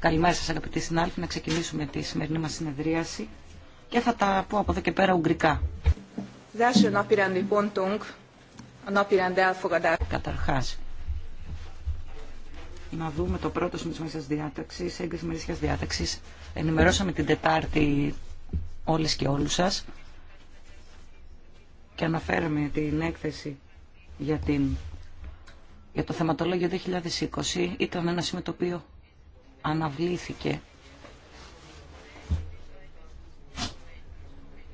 Καλημέρα σας αγαπητοί συνάδελφοι, να ξεκινήσουμε τη σημερινή μας συνεδρίαση και θα τα πω από εδώ και πέρα ουγγρικά. Λοιπόν, Καταρχάς, να δούμε το πρώτο σημείο της διάταξης, έγκριση μερίσιας διάταξης. Ενημερώσαμε την Τετάρτη όλες και όλους σας και αναφέραμε την έκθεση για την για το θεματολόγιο 2020 ήταν ένα σημείο το οποίο αναβλήθηκε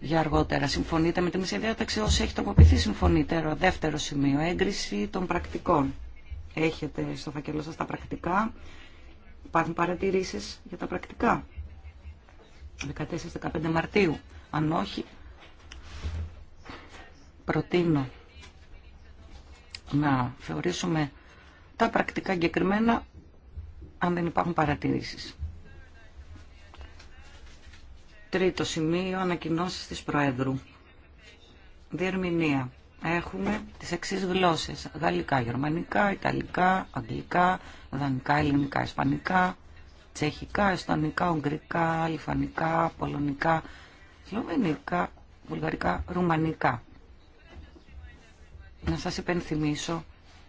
για αργότερα. Συμφωνείτε με τη μισή διάταξη όσοι έχει τοποποιηθεί συμφωνείτε. Δεύτερο σημείο, έγκριση των πρακτικών. Έχετε στο φακελό σας τα πρακτικά. Υπάρχουν παρατηρήσεις για τα πρακτικά. 14-15 Μαρτίου. Αν όχι, προτείνω να θεωρήσουμε τα πρακτικά εγκεκριμένα αν δεν υπάρχουν παρατηρήσεις. Τρίτο σημείο, ανακοινώσεις της Προέδρου. Διερμηνία. Έχουμε τις εξής γλώσσες. Γαλλικά, γερμανικά, ιταλικά, αγγλικά, δανικά, ελληνικά, ισπανικά, τσεχικά, εστονικά, ουγγρικά, λιφανικά, πολωνικά, σλοβενικά, βουλγαρικά, ρουμανικά. Να σας υπενθυμίσω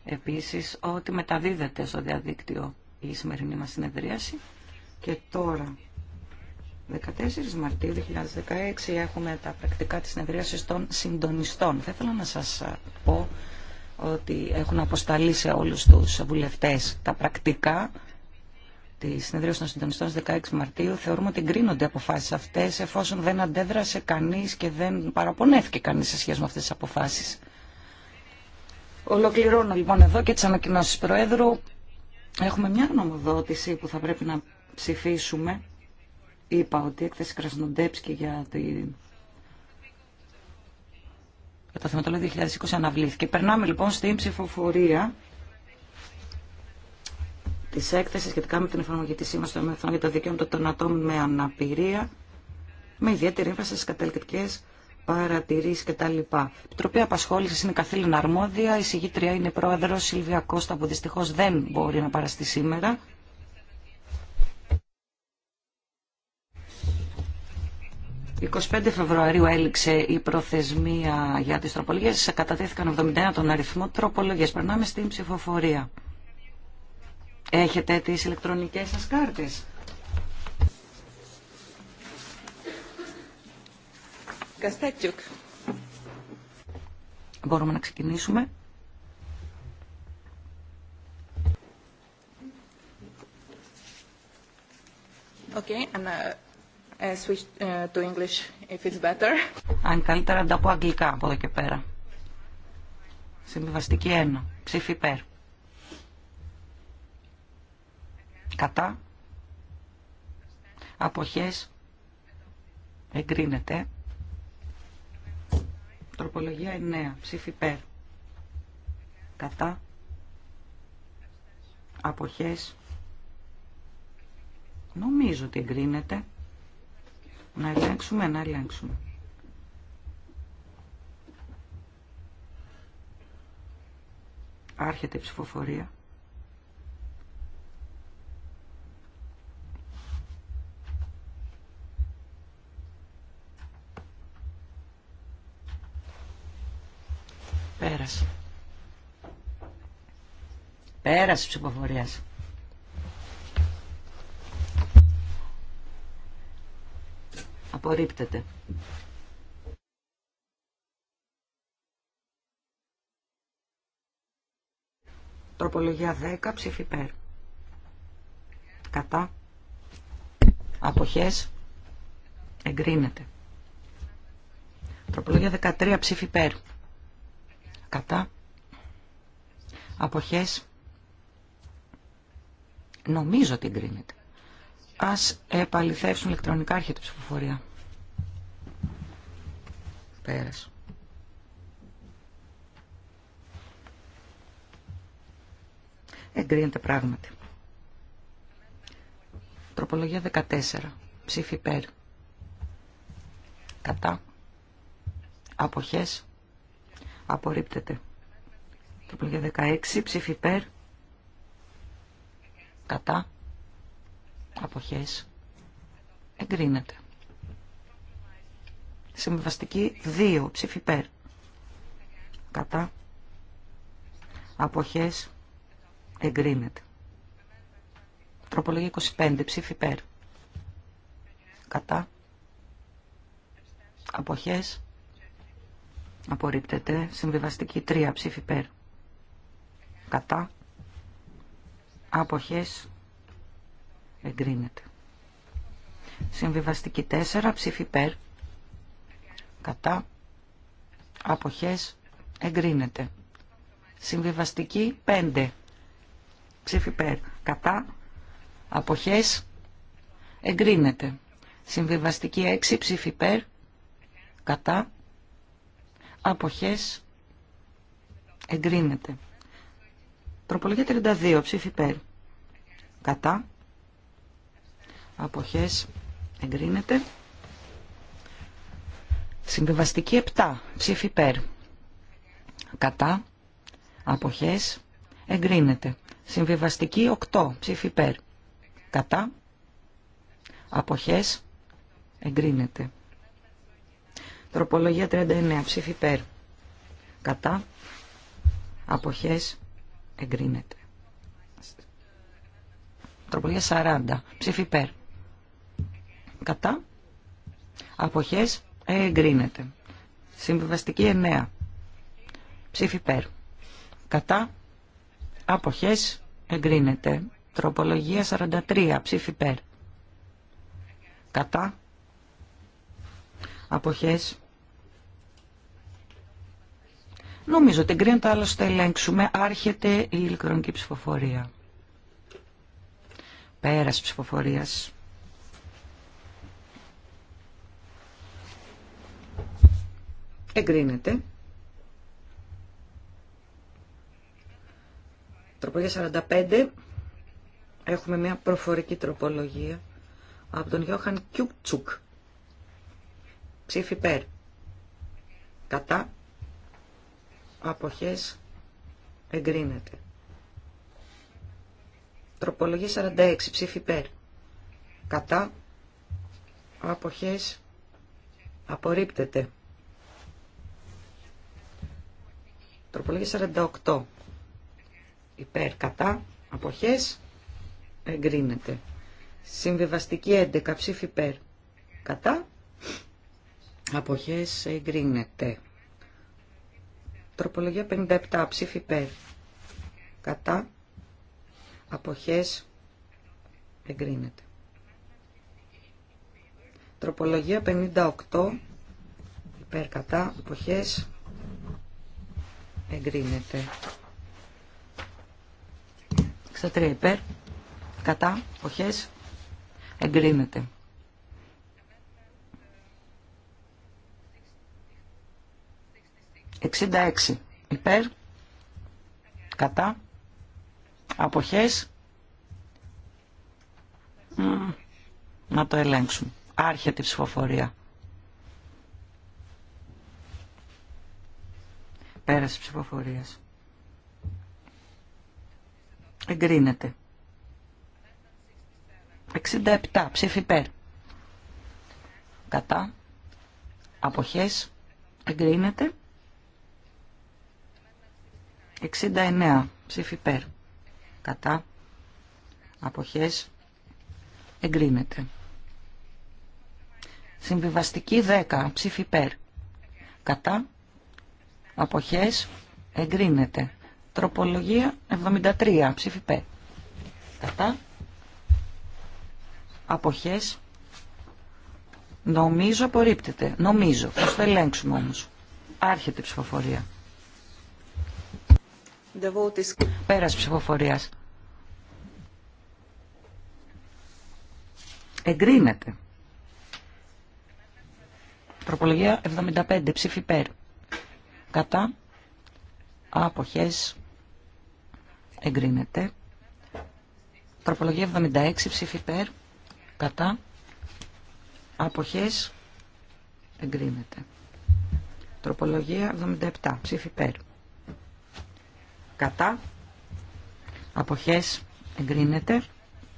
επίσης ότι μεταδίδεται στο διαδίκτυο η σημερινή μας συνεδρίαση και τώρα 14 Μαρτίου 2016 έχουμε τα πρακτικά της συνεδρίασης των συντονιστών. Θα ήθελα να σας πω ότι έχουν αποσταλεί σε όλους τους βουλευτές τα πρακτικά τη συνεδρίαση των συντονιστών 16 Μαρτίου θεωρούμε ότι εγκρίνονται αποφάσεις αυτές εφόσον δεν αντέδρασε κανείς και δεν παραπονέθηκε κανείς σε σχέση με αυτές τις αποφάσεις. Ολοκληρώνω λοιπόν εδώ και τις ανακοινώσεις Προέδρου. Έχουμε μια νομοδότηση που θα πρέπει να ψηφίσουμε. Είπα ότι η έκθεση Κρασνοντέψκη για τη... Το θεματολόγιο 2020 αναβλήθηκε. Περνάμε λοιπόν στην ψηφοφορία τη έκθεση σχετικά με την εφαρμογή τη σήμανση των μεθόδων για τα Δικαιώματα των Ατόμων με Αναπηρία, με ιδιαίτερη έμφαση στι καταληκτικέ παρατηρήσει κτλ. Η Επιτροπή Απασχόληση είναι καθήλυνα αρμόδια. Η συγγήτρια είναι πρόεδρο Σιλβία Κώστα, που δυστυχώ δεν μπορεί να παραστεί σήμερα. 25 Φεβρουαρίου έληξε η προθεσμία για τις τροπολογίες. Κατατέθηκαν 71 τον αριθμό τροπολογίες. Περνάμε στην ψηφοφορία. Έχετε τις ηλεκτρονικές σας κάρτες. Kezdhetjük. Μπορούμε να ξεκινήσουμε. Okay, and uh, switch uh, to English if it's better. Αν καλύτερα να τα πω αγγλικά από εδώ και πέρα. Συμβιβαστική ένα. Ψήφι υπέρ. Κατά. Αποχές. Εγκρίνεται. Τροπολογία 9. Ψήφι ΠΕΡ. Κατά. Αποχές. Νομίζω ότι εγκρίνεται. Να ελέγξουμε, να ελέγξουμε. Άρχεται η ψηφοφορία. Πέραση ψηφοφορίας. Απορρίπτεται. Τροπολογία 10, ψήφι υπέρ. Κατά. Αποχές. Εγκρίνεται. Τροπολογία 13, ψήφι υπέρ. Κατά. Αποχές. Νομίζω ότι εγκρίνεται. Ας επαληθεύσουν ηλεκτρονικά έρχεται ψηφοφορία. Πέρας. Εγκρίνεται πράγματι. Τροπολογία 14. Ψήφι υπέρ. Κατά. Αποχές. Απορρίπτεται. Τροπολογία 16. Ψήφι υπέρ κατά, αποχές, εγκρίνεται. Συμβαστική 2, ψήφι περ. κατά, αποχές, εγκρίνεται. Τροπολογία 25, ψήφι περ. κατά, αποχές, απορρίπτεται. Συμβιβαστική 3, ψήφι υπέρ, κατά, αποχές εγκρίνεται. Συμβιβαστική 4, ψήφι πέρ, κατά, αποχές εγκρίνεται. Συμβιβαστική 5, ψήφι υπέρ, κατά, αποχές εγκρίνεται. Συμβιβαστική 6, ψήφι υπέρ, κατά, αποχές εγκρίνεται. Τροπολογία 32, ψήφι ΠΕΡ. Κατά. Αποχές εγκρίνεται. Συμβιβαστική 7, ψήφι ΠΕΡ. Κατά. Αποχές εγκρίνεται. Συμβιβαστική 8, ψήφι ΠΕΡ. Κατά. Αποχές εγκρίνεται. Τροπολογία 39, ψήφι ΠΕΡ. Κατά. Αποχές εγκρίνεται. Τροπολογία 40. Ψήφι υπέρ. Κατά. Αποχές εγκρίνεται. Συμβιβαστική 9. Ψήφι υπέρ. Κατά. Αποχές εγκρίνεται. Τροπολογία 43. Ψήφι υπέρ. Κατά. Αποχές Νομίζω ότι εγκρίνεται, άλλο θα ελέγξουμε. Άρχεται η ηλεκτρονική ψηφοφορία. Πέρας ψηφοφορίας. Εγκρίνεται. Τροπολογία 45. Έχουμε μια προφορική τροπολογία από τον Γιώχαν Κιουκτσουκ. Ψήφι περ. Κατά αποχές εγκρίνεται. Τροπολογία 46, ψήφι πέρ. Κατά, αποχές απορρίπτεται. Τροπολογία 48, υπέρ, κατά, αποχές εγκρίνεται. Συμβιβαστική 11, ψήφι πέρ. Κατά, αποχές εγκρίνεται. Τροπολογία 57. Ψήφι υπέρ. Κατά. Αποχές. Εγκρίνεται. Τροπολογία 58. Υπέρ κατά. Αποχές. Εγκρίνεται. 63 υπέρ. Κατά. Αποχές. Εγκρίνεται. 66 υπέρ, κατά, αποχές, να το ελέγξουμε. Άρχεται η ψηφοφορία. Πέραση ψηφοφορίας. Εγκρίνεται. 67 ψήφι υπέρ. Κατά. Αποχές. Εγκρίνεται. 69 ψήφι ΠΕΡ. Κατά. Αποχές. Εγκρίνεται. Συμβιβαστική 10 ψήφι ΠΕΡ. Κατά. Αποχές. Εγκρίνεται. Τροπολογία 73 ψήφι ΠΕΡ. Κατά. Αποχές. Νομίζω απορρίπτεται. Νομίζω. θα το ελέγξουμε όμως. Άρχεται η ψηφοφορία. Πέρας ψηφοφορίας. Εγκρίνεται. Προπολογία 75. Ψήφι ΠΕΡ. Κατά. Αποχές. Εγκρίνεται. Προπολογία 76. Ψήφι ΠΕΡ. Κατά. Αποχές. Εγκρίνεται. Τροπολογία 77. Ψήφι ΠΕΡ κατά, αποχές εγκρίνεται.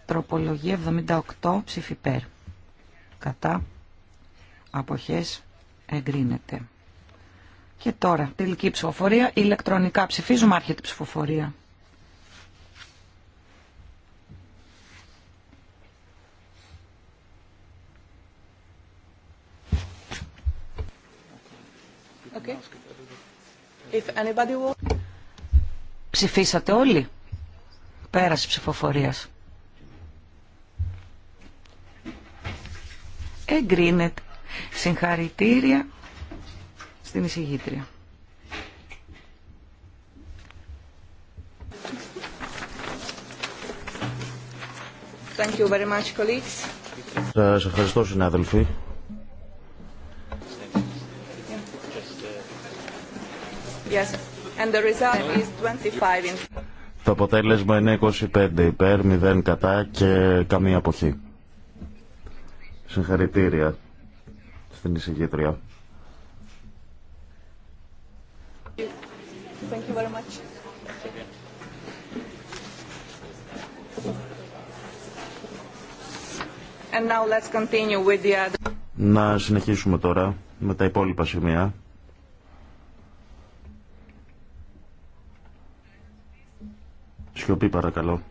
Τροπολογία 78 ψηφιπέρ. κατά, αποχές εγκρίνεται. Και τώρα, τελική ψηφοφορία, ηλεκτρονικά ψηφίζουμε, άρχεται ψηφοφορία. Okay. If anybody will... Ψηφίσατε όλοι. Πέραση ψηφοφορία. Εγκρίνεται. Συγχαρητήρια στην εισηγήτρια. Σα ευχαριστώ συνάδελφοι. Yes. Το αποτέλεσμα είναι 25 υπέρ, 0 κατά και καμία αποχή. Συγχαρητήρια στην εισηγήτρια. Να συνεχίσουμε τώρα με τα υπόλοιπα σημεία. Σιωπή παρακαλώ.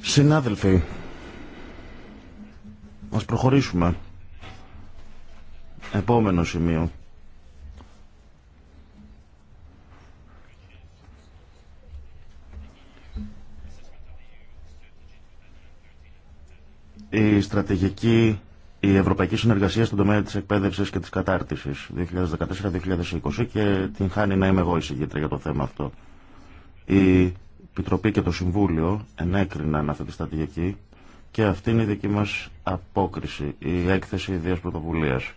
Συνάδελφοι, ας προχωρήσουμε. Επόμενο σημείο. στρατηγική η Ευρωπαϊκή Συνεργασία στον τομέα της εκπαίδευσης και της κατάρτισης 2014-2020 και την χάνει να είμαι εγώ η εισηγήτρια για το θέμα αυτό. Η Επιτροπή και το Συμβούλιο ενέκριναν αυτή τη στρατηγική και αυτή είναι η δική μας απόκριση, η έκθεση ιδέας πρωτοβουλίας.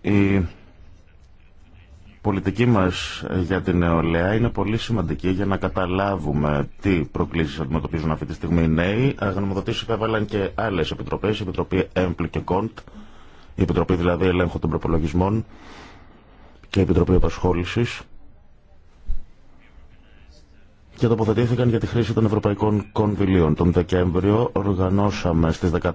Η πολιτική μας ε, για την νεολαία είναι πολύ σημαντική για να καταλάβουμε τι προκλήσεις αντιμετωπίζουν αυτή τη στιγμή οι νέοι. Γνωμοδοτήσεις επέβαλαν και άλλες επιτροπές, η Επιτροπή ΕΜΠΛ και ΚΟΝΤ, η Επιτροπή δηλαδή Ελέγχου των Προπολογισμών και η Επιτροπή Επασχόλησης και τοποθετήθηκαν για τη χρήση των ευρωπαϊκών κονδυλίων. Τον Δεκέμβριο οργανώσαμε στις 13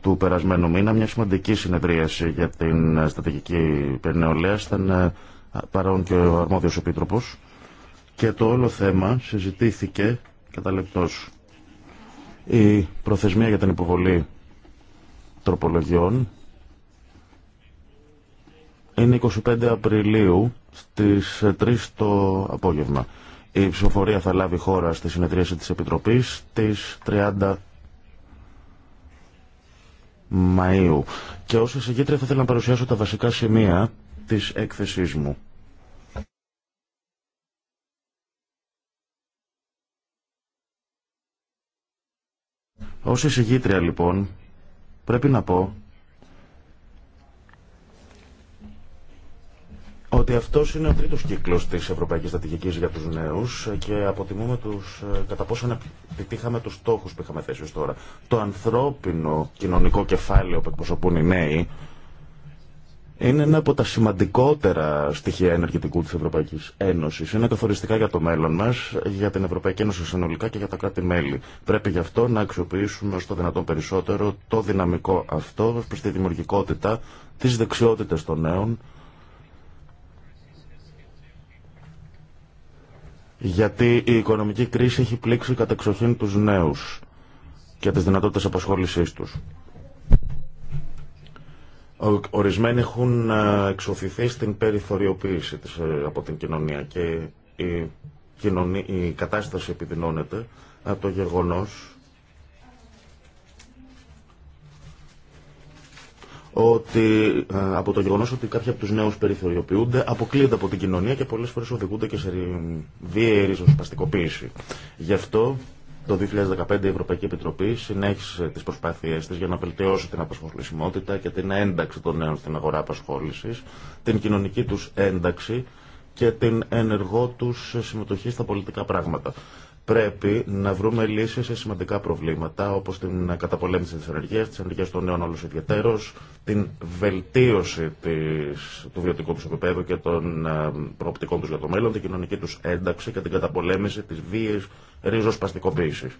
του περασμένου μήνα μια σημαντική συνεδρίαση για την στρατηγική περνεολαία. Ήταν ε, παρόν και ο αρμόδιος επίτροπος και το όλο θέμα συζητήθηκε κατά λεπτός. Η προθεσμία για την υποβολή τροπολογιών είναι 25 Απριλίου στις 3 το απόγευμα. Η ψηφοφορία θα λάβει χώρα στη συνεδρίαση της Επιτροπής στις 30 Μαΐου. Και ως εισηγήτρια θα ήθελα να παρουσιάσω τα βασικά σημεία της έκθεσής μου. Ως εισηγήτρια λοιπόν πρέπει να πω ότι αυτό είναι ο τρίτο κύκλο τη Ευρωπαϊκή Στρατηγική για του Νέου και αποτιμούμε τους, ε, κατά πόσο επιτύχαμε του στόχου που είχαμε θέσει ως τώρα. Το ανθρώπινο κοινωνικό κεφάλαιο που εκπροσωπούν οι νέοι είναι ένα από τα σημαντικότερα στοιχεία ενεργητικού τη Ευρωπαϊκή Ένωση. Είναι καθοριστικά για το μέλλον μα, για την Ευρωπαϊκή Ένωση συνολικά και για τα κράτη-μέλη. Πρέπει γι' αυτό να αξιοποιήσουμε στο το δυνατόν περισσότερο το δυναμικό αυτό προ τη δημιουργικότητα, τι δεξιότητε των νέων γιατί η οικονομική κρίση έχει πλήξει κατεξοχήν τους νέους και τις δυνατότητες απασχόλησής τους. Ορισμένοι έχουν ε, εξοφηθεί στην περιθωριοποίηση της, ε, από την κοινωνία και η, η κατάσταση επιδεινώνεται από το γεγονός ότι ε, από το γεγονό ότι κάποιοι από του νέου περιθωριοποιούνται, αποκλείονται από την κοινωνία και πολλέ φορέ οδηγούνται και σε βίαιη ριζοσπαστικοποίηση. Γι' αυτό το 2015 η Ευρωπαϊκή Επιτροπή συνέχισε τι προσπάθειές τη για να βελτιώσει την απασχολησιμότητα και την ένταξη των νέων στην αγορά απασχόληση, την κοινωνική του ένταξη και την ενεργό του συμμετοχή στα πολιτικά πράγματα πρέπει να βρούμε λύσεις σε σημαντικά προβλήματα όπως την καταπολέμηση τη ενεργείας, της ενεργείας των νέων όλους ιδιαίτερως, την βελτίωση της, του βιωτικού του επίπεδου και των ε, προοπτικών του για το μέλλον, την κοινωνική του ένταξη και την καταπολέμηση της βίαιης ρίζοσπαστικοποίησης.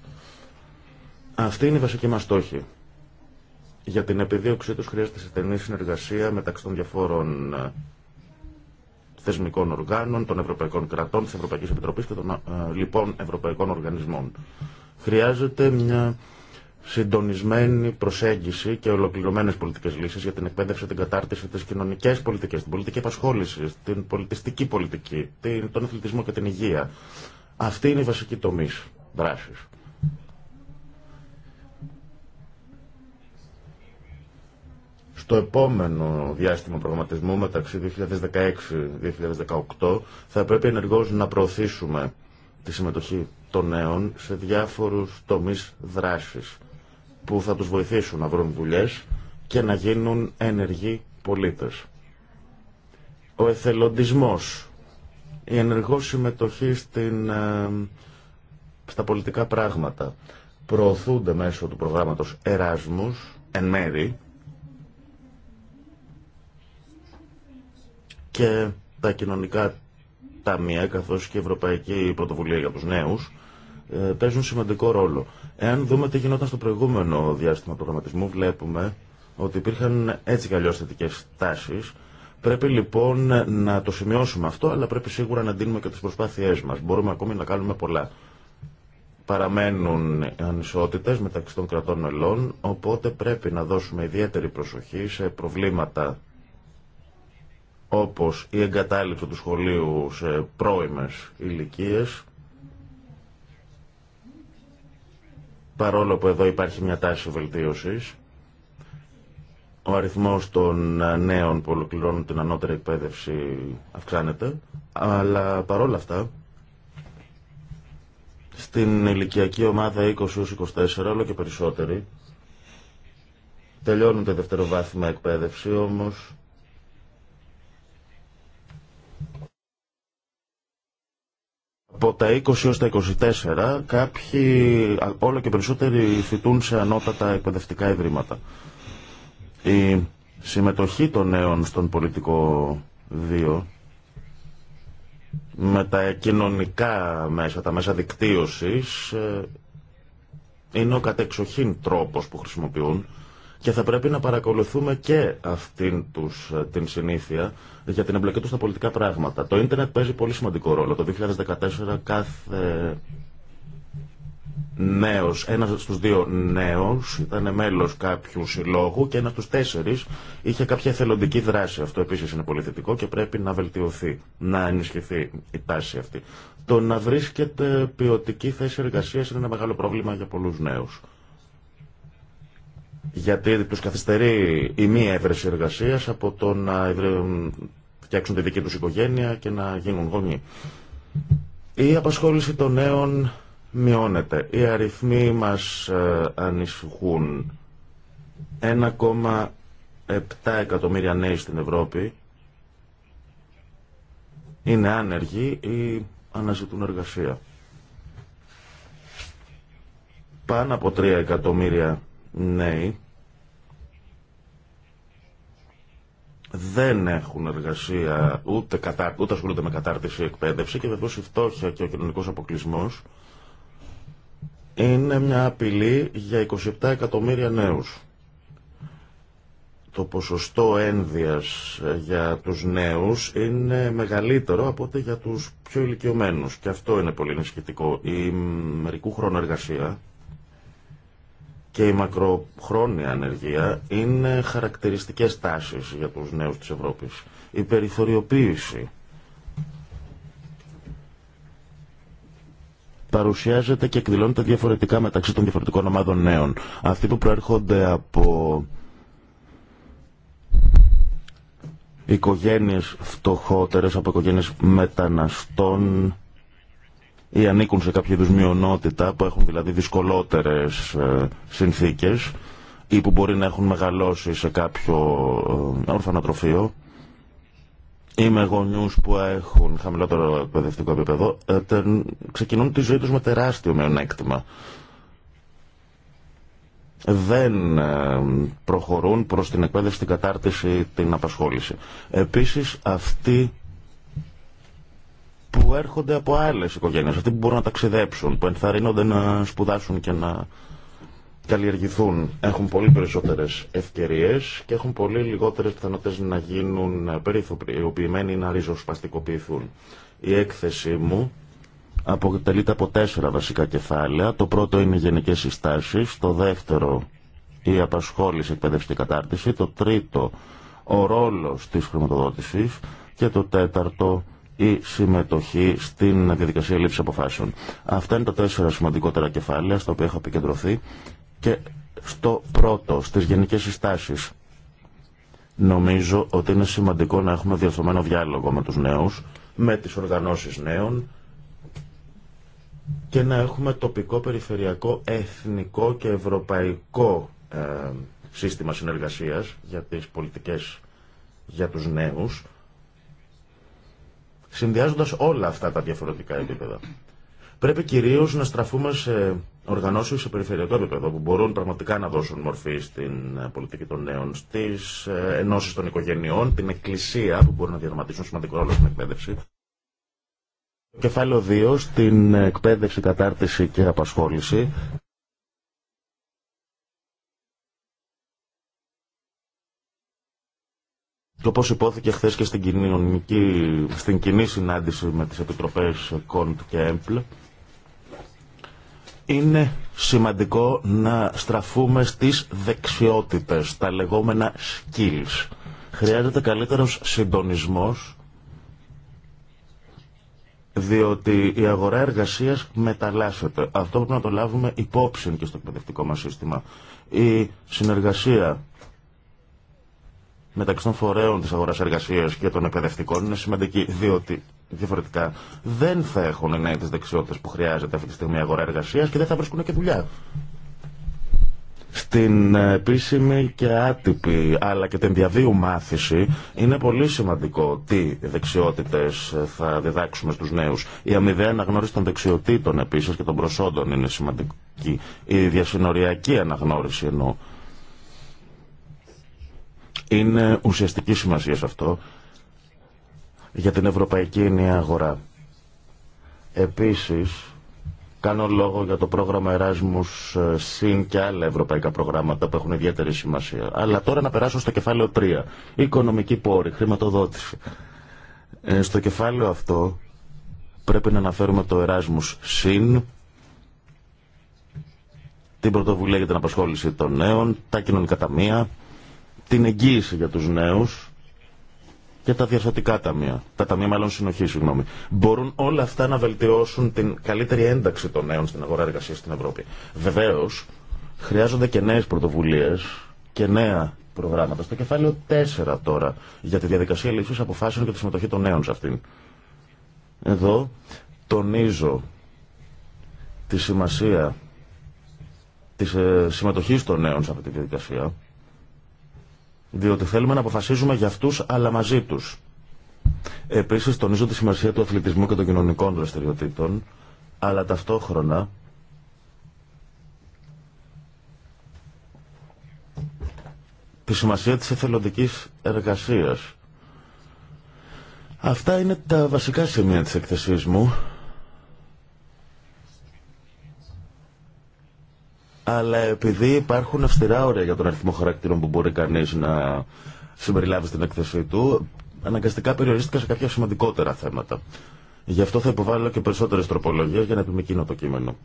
Αυτή είναι η βασική μα στόχη. Για την επιδίωξή του χρειάζεται στενή συνεργασία μεταξύ των διαφόρων ε, θεσμικών οργάνων, των Ευρωπαϊκών Κρατών, τη Ευρωπαϊκή Επιτροπή και των λοιπόν Ευρωπαϊκών Οργανισμών. Χρειάζεται μια συντονισμένη προσέγγιση και ολοκληρωμένε πολιτικέ λύσει για την εκπαίδευση, την κατάρτιση, τι κοινωνικέ πολιτικέ, την πολιτική απασχόληση, την πολιτιστική πολιτική, τον αθλητισμό και την υγεία. Αυτή είναι η βασική τομή δράση. Το επόμενο διάστημα προγραμματισμού μεταξύ 2016-2018 θα πρέπει ενεργώς να προωθήσουμε τη συμμετοχή των νέων σε διάφορους τομείς δράσης που θα τους βοηθήσουν να βρουν δουλειές και να γίνουν ενεργοί πολίτες. Ο εθελοντισμός, η ενεργό συμμετοχή στην, ε, στα πολιτικά πράγματα προωθούνται μέσω του προγράμματος Εράσμους εν μέρη και τα κοινωνικά ταμεία, καθώς και η Ευρωπαϊκή Πρωτοβουλία για τους Νέους, ε, παίζουν σημαντικό ρόλο. Εάν δούμε τι γινόταν στο προηγούμενο διάστημα προγραμματισμού, βλέπουμε ότι υπήρχαν έτσι καλλιώς θετικές τάσεις, Πρέπει λοιπόν να το σημειώσουμε αυτό, αλλά πρέπει σίγουρα να δίνουμε και τις προσπάθειές μας. Μπορούμε ακόμη να κάνουμε πολλά. Παραμένουν ανισότητες μεταξύ των κρατών μελών, οπότε πρέπει να δώσουμε ιδιαίτερη προσοχή σε προβλήματα όπως η εγκατάλειψη του σχολείου σε πρώιμες ηλικίε. παρόλο που εδώ υπάρχει μια τάση βελτίωσης, ο αριθμός των νέων που ολοκληρώνουν την ανώτερη εκπαίδευση αυξάνεται, αλλά παρόλα αυτά, στην ηλικιακή ομάδα 20-24, όλο και περισσότεροι, τελειώνουν τη δευτεροβάθμια εκπαίδευση, όμως τα 20 έως τα 24 κάποιοι όλο και περισσότεροι φοιτούν σε ανώτατα εκπαιδευτικά ιδρύματα. Η συμμετοχή των νέων στον πολιτικό βίο με τα κοινωνικά μέσα, τα μέσα δικτύωσης ε, είναι ο κατεξοχήν τρόπος που χρησιμοποιούν και θα πρέπει να παρακολουθούμε και αυτήν τους, ε, την συνήθεια για την εμπλοκή του στα πολιτικά πράγματα. Το ίντερνετ παίζει πολύ σημαντικό ρόλο. Το 2014 κάθε νέος, ένας στους δύο νέους ήταν μέλος κάποιου συλλόγου και ένας στους τέσσερις είχε κάποια εθελοντική δράση. Αυτό επίσης είναι πολύ θετικό και πρέπει να βελτιωθεί, να ενισχυθεί η τάση αυτή. Το να βρίσκεται ποιοτική θέση εργασίας είναι ένα μεγάλο πρόβλημα για πολλούς νέους γιατί τους καθυστερεί η μία έβρεση εργασίας από το να φτιάξουν τη δική τους οικογένεια και να γίνουν γονεί. Η απασχόληση των νέων μειώνεται. Οι αριθμοί μας ε, ανησυχούν. 1,7 εκατομμύρια νέοι στην Ευρώπη είναι άνεργοι ή αναζητούν εργασία. Πάνω από 3 εκατομμύρια νέοι δεν έχουν εργασία, ούτε, κατά, ούτε ασχολούνται με κατάρτιση ή εκπαίδευση και βεβαίω εκπαιδευση και βεβαιώς η φτωχεια και ο κοινωνικό αποκλεισμός είναι μια απειλή για 27 εκατομμύρια νέους. Το ποσοστό ένδυας για τους νέους είναι μεγαλύτερο από ό,τι για τους πιο ηλικιωμένους και αυτό είναι πολύ ενισχυτικό. Η μερικού χρόνου εργασία και η μακροχρόνια ανεργία είναι χαρακτηριστικές τάσεις για τους νέους της Ευρώπης. Η περιθωριοποίηση παρουσιάζεται και εκδηλώνεται διαφορετικά μεταξύ των διαφορετικών ομάδων νέων. Αυτοί που προέρχονται από οικογένειες φτωχότερες, από οικογένειες μεταναστών, ή ανήκουν σε κάποια είδου μειονότητα που έχουν δηλαδή δυσκολότερες ε, συνθήκες ή που μπορεί να έχουν μεγαλώσει σε κάποιο ε, ορφανοτροφείο ή με γονιούς που έχουν χαμηλότερο εκπαιδευτικό επίπεδο ε, ξεκινούν τη ζωή τους με τεράστιο μειονέκτημα δεν προχωρούν προς την εκπαίδευση, την κατάρτιση, την απασχόληση. Επίσης αυτή που έρχονται από άλλε οικογένειε αυτοί που μπορούν να ταξιδέψουν, που ενθαρρύνονται να σπουδάσουν και να καλλιεργηθούν, έχουν πολύ περισσότερε ευκαιρίε και έχουν πολύ λιγότερε πιθανότητε να γίνουν περιθωριοποιημένοι ή να ριζοσπαστικοποιηθούν. Η έκθεσή μου αποτελείται από τέσσερα βασικά κεφάλαια. Το πρώτο είναι οι γενικές συστάσεις, το δεύτερο η απασχόληση, εκπαίδευση και κατάρτιση, το πρωτο ειναι οι γενικέ συστασεις το δευτερο η απασχοληση εκπαιδευση και καταρτιση το τριτο ο ρόλος της χρηματοδότησης και το τέταρτο η συμμετοχή στην διαδικασία λήψη αποφάσεων. Αυτά είναι τα τέσσερα σημαντικότερα κεφάλαια στα οποία έχω επικεντρωθεί και στο πρώτο, στις γενικές συστάσεις. Νομίζω ότι είναι σημαντικό να έχουμε διορθωμένο διάλογο με τους νέους, με τις οργανώσεις νέων και να έχουμε τοπικό, περιφερειακό, εθνικό και ευρωπαϊκό ε, σύστημα συνεργασίας για τις πολιτικές για τους νέους συνδυάζοντας όλα αυτά τα διαφορετικά επίπεδα. Πρέπει κυρίως να στραφούμε σε οργανώσεις σε περιφερειακό επίπεδο που μπορούν πραγματικά να δώσουν μορφή στην ε, πολιτική των νέων, στις ε, ενώσεις των οικογενειών, την εκκλησία που μπορεί να διαδραματίσουν σημαντικό ρόλο στην εκπαίδευση. Κεφάλαιο 2, στην εκπαίδευση, κατάρτιση και απασχόληση. Το όπως υπόθηκε χθες και στην κοινή, στην κοινή συνάντηση με τις επιτροπές Κόντ και ΕΜΠΛ, είναι σημαντικό να στραφούμε στις δεξιότητες, τα λεγόμενα skills. Χρειάζεται καλύτερος συντονισμός, διότι η αγορά εργασίας μεταλλάσσεται. Αυτό πρέπει να το λάβουμε υπόψη και στο εκπαιδευτικό μας σύστημα. Η συνεργασία μεταξύ των φορέων της αγοράς εργασίας και των εκπαιδευτικών είναι σημαντική, διότι διαφορετικά δεν θα έχουν οι νέοι τις δεξιότητες που χρειάζεται αυτή τη στιγμή η αγορά εργασίας και δεν θα βρίσκουν και δουλειά. Στην ε, επίσημη και άτυπη αλλά και την διαβίου μάθηση είναι πολύ σημαντικό τι δεξιότητες ε, θα διδάξουμε στους νέους. Η αμοιβαία αναγνώριση των δεξιοτήτων επίσης και των προσόντων είναι σημαντική. Η διασυνοριακή αναγνώριση εννοώ είναι ουσιαστική σημασία σε αυτό για την ευρωπαϊκή ενιαία αγορά. Επίσης, κάνω λόγο για το πρόγραμμα Erasmus ε, συν και άλλα ευρωπαϊκά προγράμματα που έχουν ιδιαίτερη σημασία. Αλλά τώρα να περάσω στο κεφάλαιο 3. Οικονομική πόρη, χρηματοδότηση. Ε, στο κεφάλαιο αυτό πρέπει να αναφέρουμε το Erasmus συν την πρωτοβουλία για την απασχόληση των νέων, τα κοινωνικά ταμεία, την εγγύηση για τους νέους και τα διαστατικά ταμεία, τα ταμεία μάλλον συνοχή, συγγνώμη. Μπορούν όλα αυτά να βελτιώσουν την καλύτερη ένταξη των νέων στην αγορά εργασία στην Ευρώπη. Βεβαίω, χρειάζονται και νέε πρωτοβουλίε και νέα προγράμματα. Στο κεφάλαιο 4 τώρα, για τη διαδικασία λήψη αποφάσεων και τη συμμετοχή των νέων σε αυτήν. Εδώ τονίζω τη σημασία τη ε, συμμετοχή των νέων σε αυτή τη διαδικασία διότι θέλουμε να αποφασίζουμε για αυτούς αλλά μαζί τους. Επίσης τονίζω τη σημασία του αθλητισμού και των κοινωνικών δραστηριοτήτων, αλλά ταυτόχρονα τη σημασία της εθελοντικής εργασίας. Αυτά είναι τα βασικά σημεία της εκθεσής μου. αλλά επειδή υπάρχουν αυστηρά όρια για τον αριθμό χαρακτήρων που μπορεί κανεί να συμπεριλάβει στην εκθεσή του, αναγκαστικά περιορίστηκα σε κάποια σημαντικότερα θέματα. Γι' αυτό θα υποβάλω και περισσότερε τροπολογίε για να επιμηκύνω το κείμενο.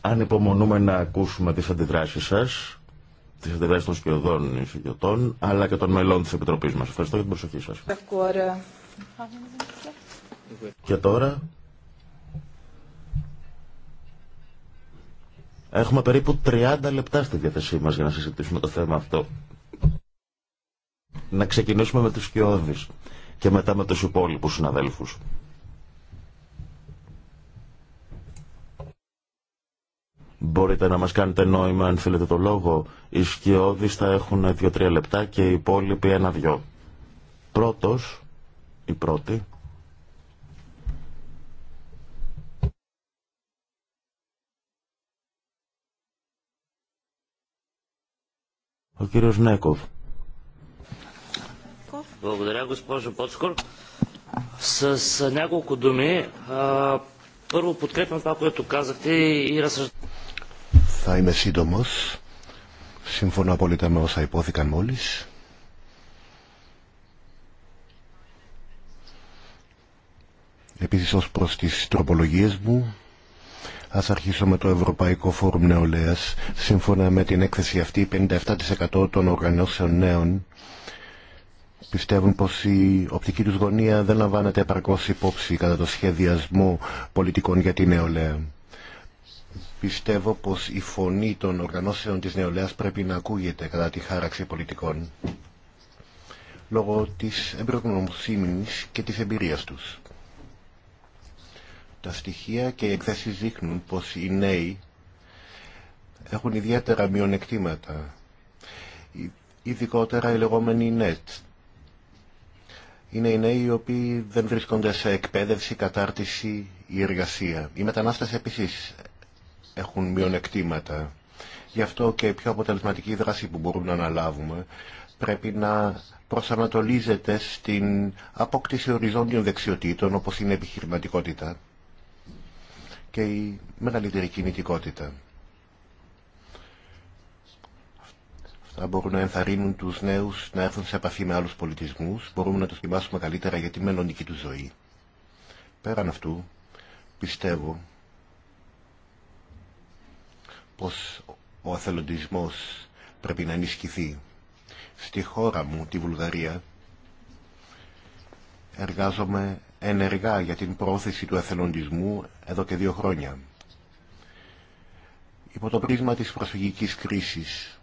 Αν υπομονούμε να ακούσουμε τι αντιδράσει σα, τι αντιδράσει των σκιωδών εισηγητών, αλλά και των μελών τη Επιτροπή μα. Ευχαριστώ για την προσοχή σα. Και τώρα Έχουμε περίπου 30 λεπτά στη διάθεσή μας για να συζητήσουμε το θέμα αυτό. Να ξεκινήσουμε με τους Σκιώδης και μετά με τους υπόλοιπους συναδέλφους. Μπορείτε να μας κάνετε νόημα αν θέλετε το λόγο. Οι σκιώδεις θα έχουν 2-3 λεπτά και οι υπόλοιποι 1-2. Πρώτος, η πρώτη, Ο κύριος Νέκοβ. Θα είμαι σύντομος. Συμφωνώ απόλυτα με όσα υπόθηκαν μόλις. Επίσης ως προς τις τροπολογίες μου Ας αρχίσω με το Ευρωπαϊκό Φόρουμ Νεολαίας. Σύμφωνα με την έκθεση αυτή, 57% των οργανώσεων νέων πιστεύουν πως η οπτική τους γωνία δεν λαμβάνεται επαρκώς υπόψη κατά το σχεδιασμό πολιτικών για τη νεολαία. Πιστεύω πως η φωνή των οργανώσεων της νεολαίας πρέπει να ακούγεται κατά τη χάραξη πολιτικών λόγω της εμπειρογνωμοσύμινης και της εμπειρίας τους. Τα στοιχεία και οι εκθέσεις δείχνουν πως οι νέοι έχουν ιδιαίτερα μειονεκτήματα, ειδικότερα οι λεγόμενοι ΝΕΤ. Είναι οι νέοι οι οποίοι δεν βρίσκονται σε εκπαίδευση, κατάρτιση ή εργασία. Οι μετανάστες επίσης έχουν μειονεκτήματα. Γι' αυτό και η πιο αποτελεσματική δράση που μπορούμε να αναλάβουμε πρέπει να προσανατολίζεται στην απόκτηση οριζόντιων δεξιοτήτων όπως είναι επιχειρηματικότητα και η μεγαλύτερη κινητικότητα. Αυτά μπορούν να ενθαρρύνουν τους νέους να έρθουν σε επαφή με άλλους πολιτισμούς, μπορούμε να τους κοιμάσουμε καλύτερα για τη μελλοντική του ζωή. Πέραν αυτού, πιστεύω πως ο αθελοντισμός πρέπει να ενισχυθεί. Στη χώρα μου, τη Βουλγαρία, εργάζομαι ενεργά για την πρόθεση του εθελοντισμού εδώ και δύο χρόνια. Υπό το πρίσμα της προσφυγικής κρίσης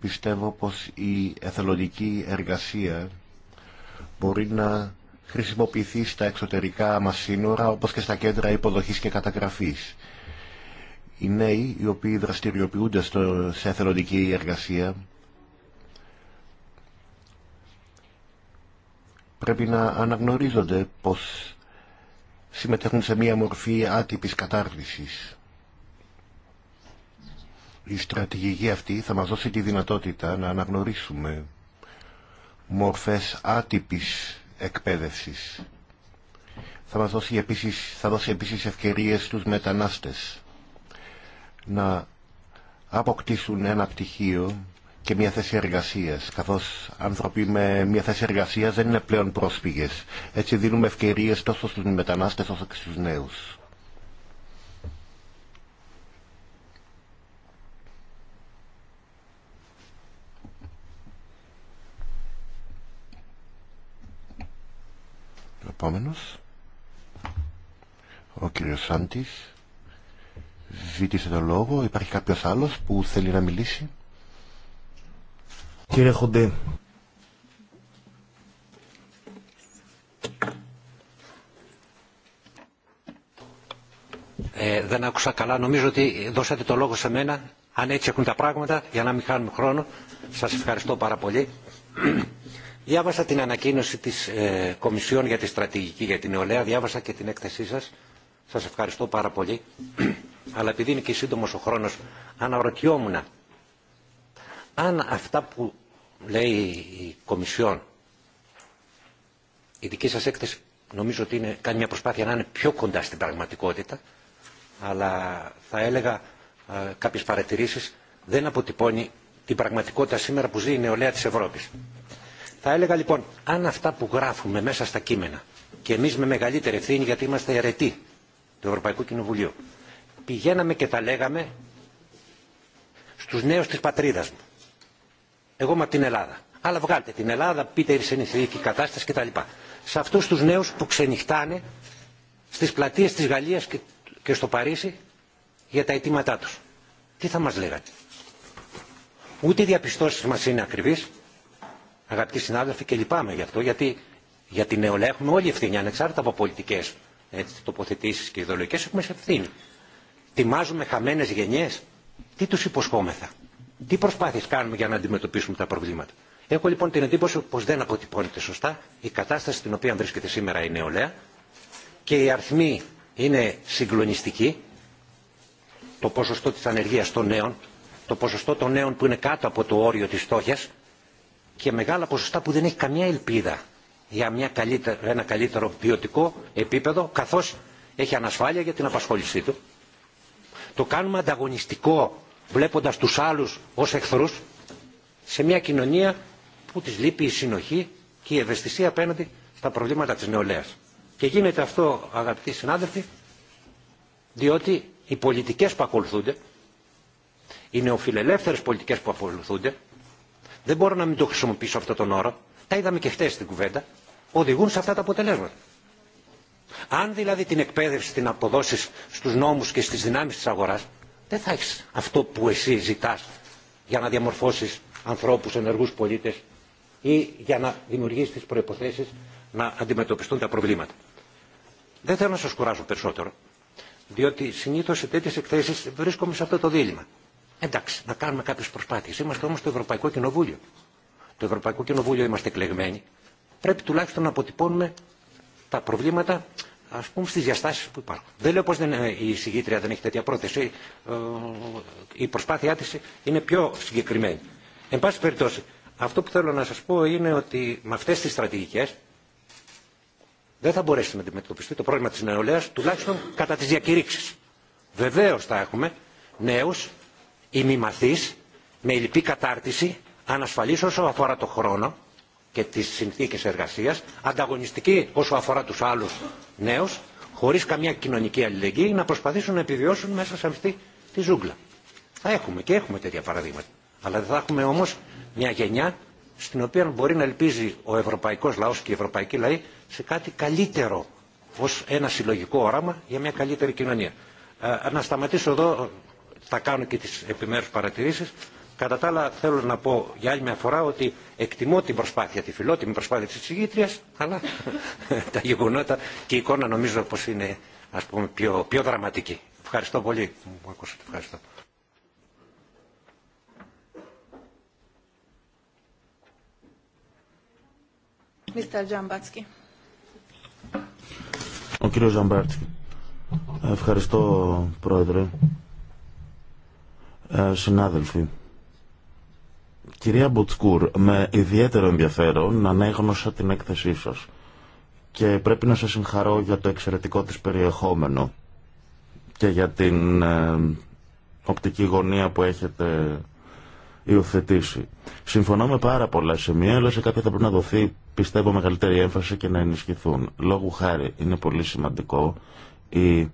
πιστεύω πως η εθελοντική εργασία μπορεί να χρησιμοποιηθεί στα εξωτερικά μας σύνορα όπως και στα κέντρα υποδοχής και καταγραφής. Οι νέοι οι οποίοι δραστηριοποιούνται στο, σε εθελοντική εργασία πρέπει να αναγνωρίζονται πως συμμετέχουν σε μία μορφή άτυπης κατάρτισης. Η στρατηγική αυτή θα μας δώσει τη δυνατότητα να αναγνωρίσουμε μορφές άτυπης εκπαίδευσης. Θα μας δώσει επίσης, θα δώσει επίσης ευκαιρίες στους μετανάστες να αποκτήσουν ένα πτυχίο και μια θέση εργασίας, καθώς άνθρωποι με μια θέση εργασίας δεν είναι πλέον πρόσφυγες. Έτσι δίνουμε ευκαιρίες τόσο στους μετανάστες όσο και στους νέους. Επόμενος, ο κύριος Σάντης, ζήτησε το λόγο. Υπάρχει κάποιος άλλος που θέλει να μιλήσει. Κύριε Χοντή. Ε, δεν άκουσα καλά. Νομίζω ότι δώσατε το λόγο σε μένα. Αν έτσι έχουν τα πράγματα, για να μην χάνουμε χρόνο, σας ευχαριστώ πάρα πολύ. Διάβασα την ανακοίνωση της ε, Κομισιόν για τη Στρατηγική για την Νεολαία, διάβασα και την έκθεσή σας. Σας ευχαριστώ πάρα πολύ. Αλλά επειδή είναι και σύντομο ο χρόνος, αναρωτιόμουν αν αυτά που λέει η Κομισιόν, η δική σας έκθεση νομίζω ότι είναι, κάνει μια προσπάθεια να είναι πιο κοντά στην πραγματικότητα, αλλά θα έλεγα ε, κάποιες παρατηρήσεις δεν αποτυπώνει την πραγματικότητα σήμερα που ζει η νεολαία της Ευρώπης. Θα έλεγα λοιπόν, αν αυτά που γράφουμε μέσα στα κείμενα και εμείς με μεγαλύτερη ευθύνη γιατί είμαστε αιρετοί του Ευρωπαϊκού Κοινοβουλίου, πηγαίναμε και τα λέγαμε στους νέους της πατρίδας μου εγώ είμαι από την Ελλάδα. Αλλά βγάλτε την Ελλάδα, πείτε η κατάσταση κτλ. Σε αυτού του νέου που ξενυχτάνε στι πλατείε τη Γαλλία και στο Παρίσι για τα αιτήματά του. Τι θα μα λέγατε. Ούτε οι διαπιστώσει μα είναι ακριβεί, αγαπητοί συνάδελφοι, και λυπάμαι γι' αυτό, γιατί για την νεολαία έχουμε όλη ευθύνη, ανεξάρτητα από πολιτικέ τοποθετήσει και ιδεολογικέ, έχουμε σε ευθύνη. Τιμάζουμε χαμένε γενιέ, Τι τους υποσχόμεθα τι προσπάθειες κάνουμε για να αντιμετωπίσουμε τα προβλήματα. Έχω λοιπόν την εντύπωση πως δεν αποτυπώνεται σωστά η κατάσταση στην οποία βρίσκεται σήμερα η νεολαία και οι αριθμοί είναι συγκλονιστικοί, το ποσοστό της ανεργίας των νέων, το ποσοστό των νέων που είναι κάτω από το όριο της στόχιας και μεγάλα ποσοστά που δεν έχει καμία ελπίδα για μια ένα καλύτερο ποιοτικό επίπεδο καθώς έχει ανασφάλεια για την απασχόλησή του. Το κάνουμε ανταγωνιστικό βλέποντας τους άλλους ως εχθρούς σε μια κοινωνία που της λείπει η συνοχή και η ευαισθησία απέναντι στα προβλήματα της νεολαίας. Και γίνεται αυτό αγαπητοί συνάδελφοι διότι οι πολιτικές που ακολουθούνται οι νεοφιλελεύθερες πολιτικές που ακολουθούνται δεν μπορώ να μην το χρησιμοποιήσω αυτό τον όρο τα είδαμε και χθε στην κουβέντα οδηγούν σε αυτά τα αποτελέσματα. Αν δηλαδή την εκπαίδευση την αποδώσεις στους νόμους και στις δυνάμεις της αγοράς δεν θα έχει αυτό που εσύ ζητά για να διαμορφώσει ανθρώπου, ενεργού πολίτε ή για να δημιουργήσει τι προποθέσει να αντιμετωπιστούν τα προβλήματα. Δεν θέλω να σα κουράζω περισσότερο, διότι συνήθω σε τέτοιε εκθέσει βρίσκομαι σε αυτό το δίλημα. Εντάξει, να κάνουμε κάποιε προσπάθειες. Είμαστε όμω το Ευρωπαϊκό Κοινοβούλιο. Το Ευρωπαϊκό Κοινοβούλιο είμαστε εκλεγμένοι. Πρέπει τουλάχιστον να αποτυπώνουμε τα προβλήματα Α πούμε, στι διαστάσει που υπάρχουν. Δεν λέω πω ε, η συγγήτρια δεν έχει τέτοια πρόθεση. Ε, η προσπάθειά τη είναι πιο συγκεκριμένη. Εν πάση περιπτώσει, αυτό που θέλω να σα πω είναι ότι με αυτέ τι στρατηγικέ δεν θα μπορέσει να αντιμετωπιστεί το πρόβλημα τη νεολαία τουλάχιστον κατά τι διακηρύξει. Βεβαίω θα έχουμε νέου ημιμαθεί με υλική κατάρτιση, ανασφαλή όσο αφορά το χρόνο, και τις συνθήκες εργασίας, ανταγωνιστική όσο αφορά τους άλλους νέους, χωρίς καμιά κοινωνική αλληλεγγύη, να προσπαθήσουν να επιβιώσουν μέσα σε αυτή τη ζούγκλα. Θα έχουμε και έχουμε τέτοια παραδείγματα. Αλλά δεν θα έχουμε όμως μια γενιά στην οποία μπορεί να ελπίζει ο ευρωπαϊκός λαός και η ευρωπαϊκή λαή σε κάτι καλύτερο ως ένα συλλογικό όραμα για μια καλύτερη κοινωνία. Ε, να σταματήσω εδώ, θα κάνω και τις επιμέρους παρατηρήσεις, Κατά τα άλλα θέλω να πω για άλλη μια φορά ότι εκτιμώ την προσπάθεια, τη φιλότιμη προσπάθεια της συγγήτριας, αλλά τα γεγονότα και η εικόνα νομίζω πως είναι ας πούμε, πιο, πιο δραματική. Ευχαριστώ πολύ που μου ακούσατε. Ευχαριστώ. Ο κύριος Ευχαριστώ, Πρόεδρε. Ε, συνάδελφοι. Κυρία Μποτσκούρ, με ιδιαίτερο ενδιαφέρον ανέγνωσα την έκθεσή σας και πρέπει να σας συγχαρώ για το εξαιρετικό της περιεχόμενο και για την ε, οπτική γωνία που έχετε υιοθετήσει. Συμφωνώ με πάρα πολλά σημεία, αλλά σε κάποια θα πρέπει να δοθεί, πιστεύω, μεγαλύτερη έμφαση και να ενισχυθούν. Λόγου χάρη είναι πολύ σημαντικό η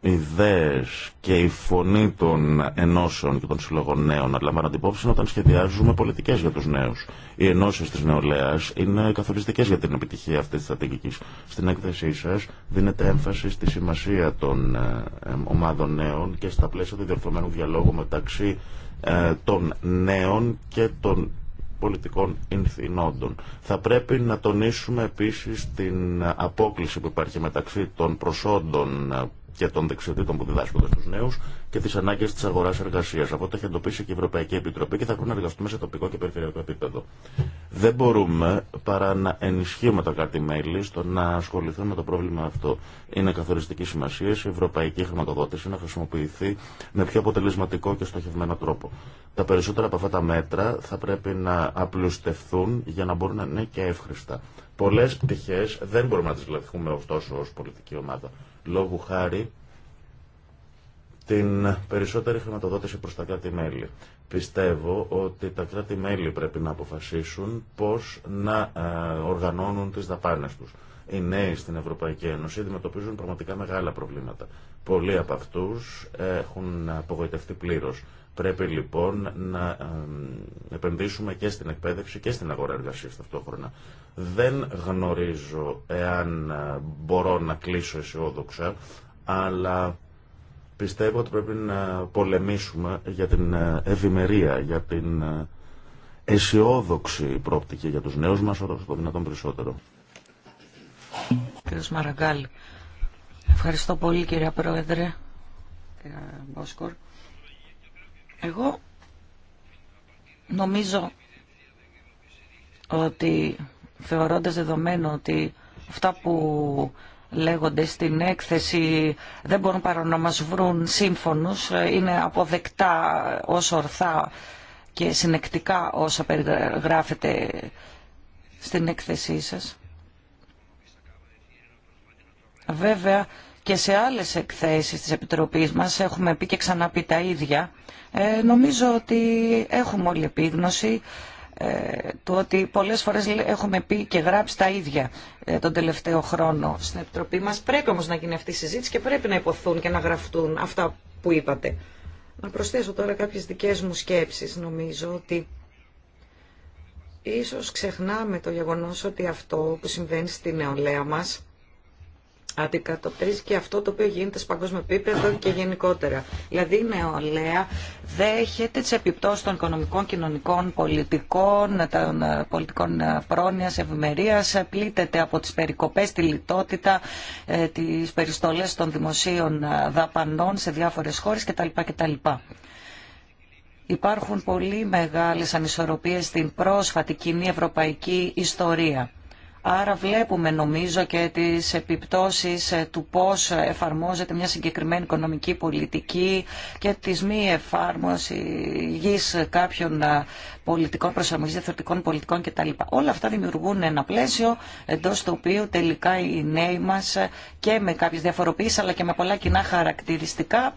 ιδέε και η φωνή των ενώσεων και των συλλογών νέων να λαμβάνονται υπόψη όταν σχεδιάζουμε πολιτικές για τους νέους. Οι ενώσει τη νεολαίας είναι καθοριστικές για την επιτυχία αυτή τη. στρατηγικής. Στην έκθεσή σα, δίνεται έμφαση στη σημασία των ε, ομάδων νέων και στα πλαίσια του διορθωμένου διαλόγου μεταξύ ε, των νέων και των πολιτικών ενθυνόντων. Θα πρέπει να τονίσουμε επίσης την ε, απόκληση που υπάρχει μεταξύ των προσόντων και των δεξιοτήτων που διδάσκονται στου νέου και τι ανάγκε τη αγορά εργασία. Αυτό το έχει εντοπίσει και η Ευρωπαϊκή Επιτροπή και θα πρέπει να εργαστούμε σε τοπικό και περιφερειακό επίπεδο. Δεν μπορούμε παρά να ενισχύουμε τα κράτη-μέλη στο να ασχοληθούμε με το πρόβλημα αυτό. Είναι καθοριστική σημασία η ευρωπαϊκή χρηματοδότηση να χρησιμοποιηθεί με πιο αποτελεσματικό και στοχευμένο τρόπο. Τα περισσότερα από αυτά τα μέτρα θα πρέπει να απλουστευθούν για να μπορούν να είναι και εύχρηστα. Πολλέ πτυχέ δεν μπορούμε να τι λεχθούμε ωστόσο ω πολιτική ομάδα λόγου χάρη την περισσότερη χρηματοδότηση προς τα κράτη-μέλη. Πιστεύω ότι τα κράτη-μέλη πρέπει να αποφασίσουν πώς να ε, οργανώνουν τις δαπάνες τους. Οι νέοι στην Ευρωπαϊκή Ένωση αντιμετωπίζουν πραγματικά μεγάλα προβλήματα. Πολλοί από αυτούς ε, έχουν απογοητευτεί πλήρως. Πρέπει λοιπόν να ε, επενδύσουμε και στην εκπαίδευση και στην αγορά εργασίας ταυτόχρονα. Δεν γνωρίζω εάν ε, μπορώ να κλείσω αισιόδοξα, αλλά πιστεύω ότι πρέπει να πολεμήσουμε για την ε, ευημερία, για την ε, αισιόδοξη πρόπτικη για τους νέους μας όσο το δυνατόν περισσότερο. Κύριος Μαραγκάλ, ευχαριστώ πολύ κύριε Πρόεδρε, κύριε Μπόσκορ. Εγώ νομίζω ότι θεωρώντας δεδομένο ότι αυτά που λέγονται στην έκθεση δεν μπορούν παρά να μας βρουν σύμφωνους, είναι αποδεκτά όσο ορθά και συνεκτικά όσα περιγράφεται στην έκθεσή σας. Βέβαια και σε άλλες εκθέσεις της Επιτροπής μας έχουμε πει και ξαναπεί τα ίδια. Ε, νομίζω ότι έχουμε όλη επίγνωση ε, του ότι πολλές φορές έχουμε πει και γράψει τα ίδια ε, τον τελευταίο χρόνο στην Επιτροπή μας. Πρέπει όμως να γίνει αυτή η συζήτηση και πρέπει να υποθούν και να γραφτούν αυτά που είπατε. Να προσθέσω τώρα κάποιες δικές μου σκέψεις. Νομίζω ότι ίσως ξεχνάμε το γεγονός ότι αυτό που συμβαίνει στη νεολαία μας αντικατοπτρίζει και αυτό το οποίο γίνεται σε παγκόσμιο επίπεδο και γενικότερα. Δηλαδή η νεολαία δέχεται τι επιπτώσει των οικονομικών, κοινωνικών, πολιτικών, των ε, πολιτικών ε, πρόνοια, ευημερία, ε, πλήττεται από τι περικοπέ, τη λιτότητα, τι περιστολέ των δημοσίων δαπανών σε διάφορε χώρε κτλ. Υπάρχουν πολύ μεγάλες ανισορροπίες στην πρόσφατη κοινή ευρωπαϊκή ιστορία Άρα βλέπουμε νομίζω και τις επιπτώσεις ε, του πώς εφαρμόζεται μια συγκεκριμένη οικονομική πολιτική και της μη γης κάποιων ε, πολιτικών προσαρμογής, διαφορετικών πολιτικών κτλ. Όλα αυτά δημιουργούν ένα πλαίσιο εντός του οποίου τελικά οι νέοι μας ε, και με κάποιες διαφοροποίησεις αλλά και με πολλά κοινά χαρακτηριστικά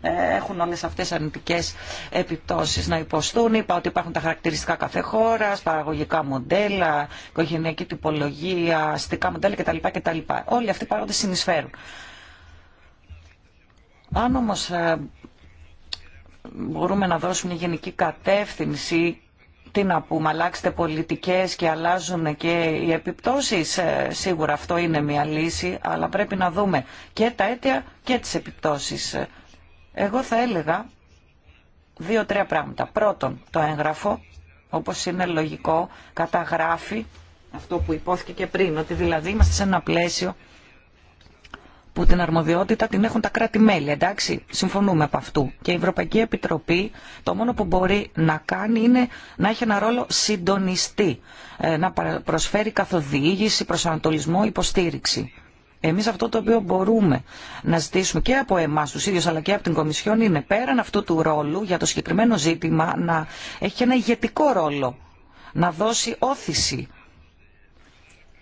ε, έχουν όλες αυτές αρνητικές επιπτώσεις να υποστούν. Είπα ότι υπάρχουν τα χαρακτηριστικά κάθε χώρα, παραγωγικά μοντέλα, οικογενειακή τυπολογία, αστικά μοντέλα κτλ. κτλ. Όλοι αυτοί οι παράγοντε συνεισφέρουν. Αν όμως ε, μπορούμε να δώσουμε μια γενική κατεύθυνση τι να πούμε, αλλάξτε πολιτικές και αλλάζουν και οι επιπτώσεις. Ε, σίγουρα αυτό είναι μια λύση, αλλά πρέπει να δούμε και τα αίτια και τις επιπτώσεις. Εγώ θα έλεγα δύο-τρία πράγματα. Πρώτον, το έγγραφο, όπως είναι λογικό, καταγράφει αυτό που υπόθηκε και πριν, ότι δηλαδή είμαστε σε ένα πλαίσιο που την αρμοδιότητα την έχουν τα κράτη-μέλη, εντάξει, συμφωνούμε από αυτού. Και η Ευρωπαϊκή Επιτροπή το μόνο που μπορεί να κάνει είναι να έχει ένα ρόλο συντονιστή, ε, να προσφέρει καθοδήγηση, προσανατολισμό, υποστήριξη. Εμείς αυτό το οποίο μπορούμε να ζητήσουμε και από εμάς τους ίδιους αλλά και από την Κομισιόν είναι πέραν αυτού του ρόλου για το συγκεκριμένο ζήτημα να έχει ένα ηγετικό ρόλο, να δώσει όθηση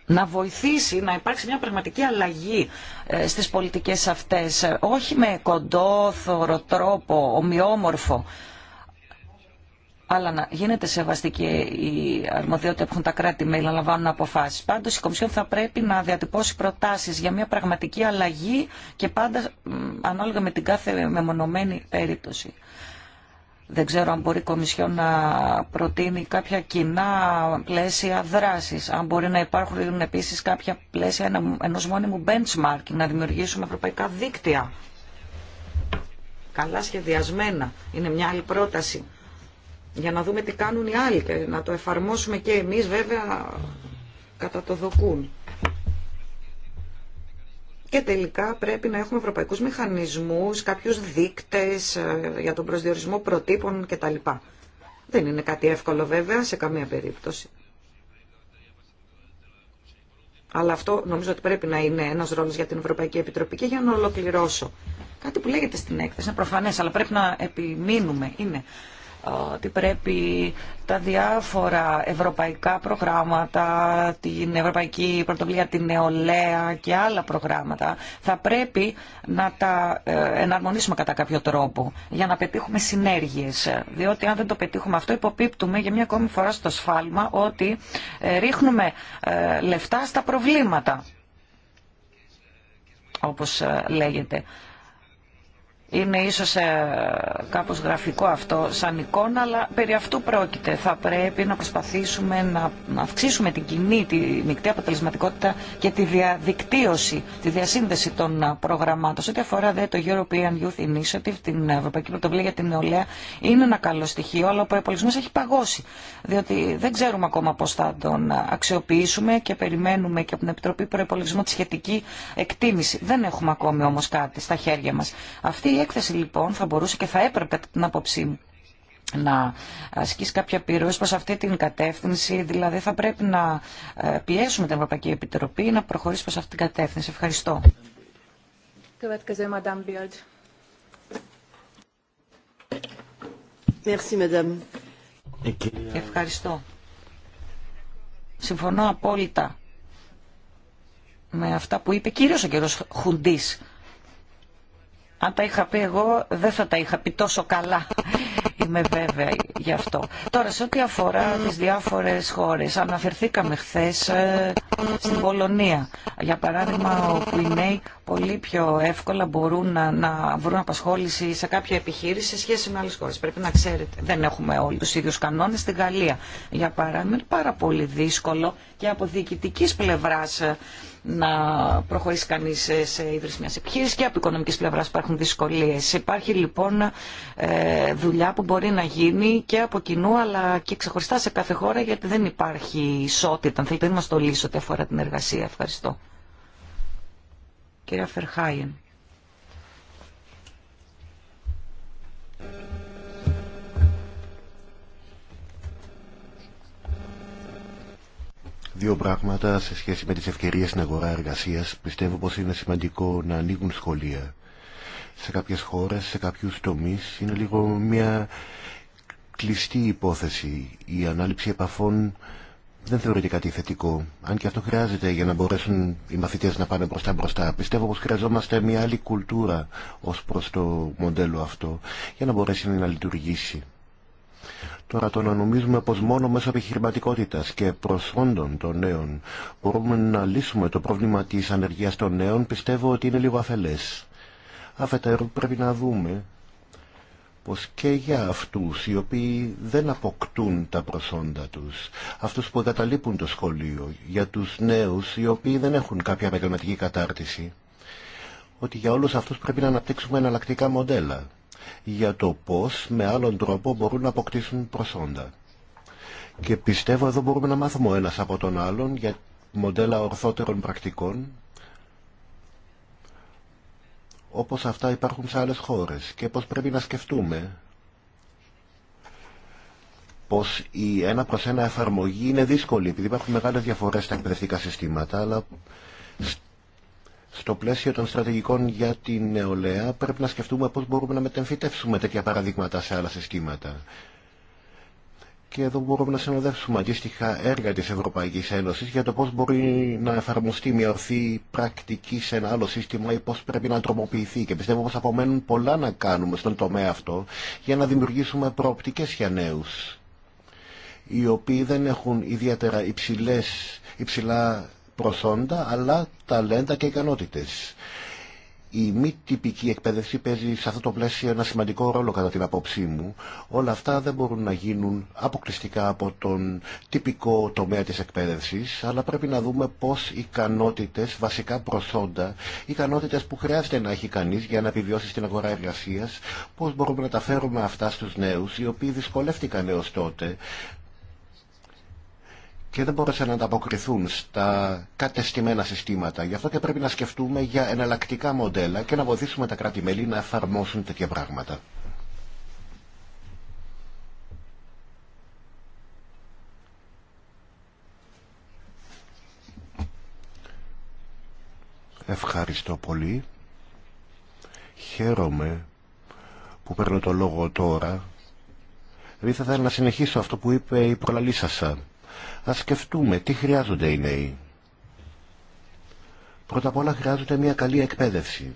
να βοηθήσει να υπάρξει μια πραγματική αλλαγή ε, στις πολιτικές αυτές, ε, όχι με κοντόθωρο τρόπο, ομοιόμορφο, αλλά να γίνεται σεβαστή και η αρμοδιότητα που έχουν τα κράτη-μέλη να λαμβάνουν αποφάσει. Πάντω η Κομισιόν θα πρέπει να διατυπώσει προτάσει για μια πραγματική αλλαγή και πάντα ανάλογα με την κάθε μεμονωμένη περίπτωση. Δεν ξέρω αν μπορεί η Κομισιόν να προτείνει κάποια κοινά πλαίσια δράση, αν μπορεί να υπάρχουν επίση κάποια πλαίσια ενό μόνιμου benchmark, να δημιουργήσουμε ευρωπαϊκά δίκτυα. Καλά σχεδιασμένα. Είναι μια άλλη πρόταση για να δούμε τι κάνουν οι άλλοι και να το εφαρμόσουμε και εμείς βέβαια κατά το δοκούν. Και τελικά πρέπει να έχουμε ευρωπαϊκούς μηχανισμούς, κάποιους δείκτες ε, για τον προσδιορισμό προτύπων κτλ. Δεν είναι κάτι εύκολο βέβαια σε καμία περίπτωση. Αλλά αυτό νομίζω ότι πρέπει να είναι ένας ρόλος για την Ευρωπαϊκή Επιτροπή και για να ολοκληρώσω. Κάτι που λέγεται στην έκθεση, είναι προφανές, αλλά πρέπει να επιμείνουμε. Είναι ότι πρέπει τα διάφορα ευρωπαϊκά προγράμματα, την Ευρωπαϊκή Πρωτοβουλία, την Νεολαία και άλλα προγράμματα, θα πρέπει να τα ε, εναρμονίσουμε κατά κάποιο τρόπο για να πετύχουμε συνέργειες. Διότι αν δεν το πετύχουμε αυτό υποπίπτουμε για μια ακόμη φορά στο σφάλμα ότι ε, ρίχνουμε ε, λεφτά στα προβλήματα, όπως λέγεται. Είναι ίσως ε, κάπως γραφικό αυτό σαν εικόνα, αλλά περί αυτού πρόκειται. Θα πρέπει να προσπαθήσουμε να αυξήσουμε την κοινή, τη μεικτή αποτελεσματικότητα και τη διαδικτύωση, τη διασύνδεση των προγραμμάτων. Σε ό,τι αφορά δε, το European Youth Initiative, την Ευρωπαϊκή Πρωτοβουλία για την Νεολαία, είναι ένα καλό στοιχείο, αλλά ο προεπολογισμό έχει παγώσει. Διότι δεν ξέρουμε ακόμα πώ θα τον αξιοποιήσουμε και περιμένουμε και από την Επιτροπή Προπολογισμού τη σχετική εκτίμηση. Δεν έχουμε ακόμη όμω κάτι στα χέρια μα. Αυτή η έκθεση λοιπόν θα μπορούσε και θα έπρεπε την άποψή μου να ασκήσει κάποια πυρός προς αυτή την κατεύθυνση, δηλαδή θα πρέπει να ε, πιέσουμε την Ευρωπαϊκή Επιτροπή να προχωρήσει προς αυτή την κατεύθυνση. Ευχαριστώ. Ε, Ευχαριστώ. Συμφωνώ απόλυτα με αυτά που είπε κύριος ο κύριος Χουντής αν τα είχα πει εγώ δεν θα τα είχα πει τόσο καλά είμαι βέβαια γι' αυτό. Τώρα, σε ό,τι αφορά τις διάφορες χώρες, αναφερθήκαμε χθες ε, στην Πολωνία. Για παράδειγμα, όπου οι νέοι πολύ πιο εύκολα μπορούν να, να βρουν απασχόληση σε κάποια επιχείρηση σε σχέση με άλλες χώρες. Πρέπει να ξέρετε, δεν έχουμε όλοι τους ίδιους κανόνες. Στην Γαλλία, για παράδειγμα, είναι πάρα πολύ δύσκολο και από διοικητικής πλευράς ε, να προχωρήσει κανεί σε ίδρυση μια επιχείρηση και από οικονομική πλευρά υπάρχουν δυσκολίε. Υπάρχει λοιπόν ε, δουλειά που μπορεί μπορεί να γίνει και από κοινού αλλά και ξεχωριστά σε κάθε χώρα γιατί δεν υπάρχει ισότητα. Αν θέλετε να μας το λύσω ό,τι αφορά την εργασία. Ευχαριστώ. Κυρία Φερχάιεν. Δύο πράγματα σε σχέση με τις ευκαιρίες στην αγορά εργασίας. Πιστεύω πως είναι σημαντικό να ανοίγουν σχολεία σε κάποιες χώρες, σε κάποιους τομείς είναι λίγο μια κλειστή υπόθεση. Η ανάληψη επαφών δεν θεωρείται κάτι θετικό, αν και αυτό χρειάζεται για να μπορέσουν οι μαθητές να πάνε μπροστά μπροστά. Πιστεύω πως χρειαζόμαστε μια άλλη κουλτούρα ως προς το μοντέλο αυτό για να μπορέσει να λειτουργήσει. Τώρα το να νομίζουμε πως μόνο μέσω επιχειρηματικότητα και προσόντων των νέων μπορούμε να λύσουμε το πρόβλημα της ανεργίας των νέων πιστεύω ότι είναι λίγο αφελές. Αφετέρου πρέπει να δούμε πως και για αυτούς οι οποίοι δεν αποκτούν τα προσόντα τους, αυτούς που εγκαταλείπουν το σχολείο, για τους νέους οι οποίοι δεν έχουν κάποια επαγγελματική κατάρτιση, ότι για όλους αυτούς πρέπει να αναπτύξουμε εναλλακτικά μοντέλα για το πώς με άλλον τρόπο μπορούν να αποκτήσουν προσόντα. Και πιστεύω εδώ μπορούμε να μάθουμε ο ένας από τον άλλον για μοντέλα ορθότερων πρακτικών όπως αυτά υπάρχουν σε άλλες χώρες και πως πρέπει να σκεφτούμε πως η ένα προς ένα εφαρμογή είναι δύσκολη επειδή υπάρχουν μεγάλες διαφορές στα εκπαιδευτικά συστήματα αλλά στο πλαίσιο των στρατηγικών για την νεολαία πρέπει να σκεφτούμε πώς μπορούμε να μετεμφυτεύσουμε τέτοια παραδείγματα σε άλλα συστήματα και εδώ μπορούμε να συνοδεύσουμε αντίστοιχα έργα της Ευρωπαϊκής Ένωσης για το πώς μπορεί να εφαρμοστεί μια ορθή πρακτική σε ένα άλλο σύστημα ή πώς πρέπει να τρομοποιηθεί και πιστεύω πως απομένουν πολλά να κάνουμε στον τομέα αυτό για να δημιουργήσουμε προοπτικές για νέους οι οποίοι δεν έχουν ιδιαίτερα υψηλές, υψηλά προσόντα αλλά ταλέντα και ικανότητες η μη τυπική εκπαίδευση παίζει σε αυτό το πλαίσιο ένα σημαντικό ρόλο κατά την απόψή μου. Όλα αυτά δεν μπορούν να γίνουν αποκλειστικά από τον τυπικό τομέα της εκπαίδευσης, αλλά πρέπει να δούμε πώς ικανότητες, βασικά προσόντα, ικανότητες που χρειάζεται να έχει κανείς για να επιβιώσει στην αγορά εργασίας, πώς μπορούμε να τα φέρουμε αυτά στους νέους, οι οποίοι δυσκολεύτηκαν έως τότε, και δεν μπόρεσαν να ανταποκριθούν στα κατεστημένα συστήματα. Γι' αυτό και πρέπει να σκεφτούμε για εναλλακτικά μοντέλα και να βοηθήσουμε τα κράτη-μέλη να εφαρμόσουν τέτοια πράγματα. Ευχαριστώ πολύ. Χαίρομαι που παίρνω το λόγο τώρα. Δεν δηλαδή θα ήθελα να συνεχίσω αυτό που είπε η προλαλήσασα θα σκεφτούμε τι χρειάζονται οι νέοι. Πρώτα απ' όλα χρειάζονται μια καλή εκπαίδευση.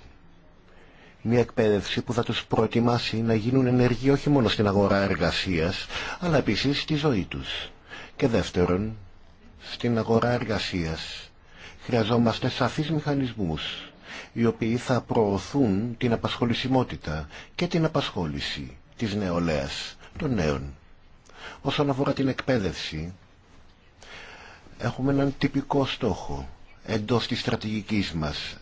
Μια εκπαίδευση που θα τους προετοιμάσει να γίνουν ενεργοί όχι μόνο στην αγορά εργασίας, αλλά επίσης στη ζωή τους. Και δεύτερον, στην αγορά εργασίας χρειαζόμαστε σαφείς μηχανισμούς, οι οποίοι θα προωθούν την απασχολησιμότητα και την απασχόληση της νεολαίας, των νέων. Όσον αφορά την εκπαίδευση, έχουμε έναν τυπικό στόχο εντός της στρατηγικής μας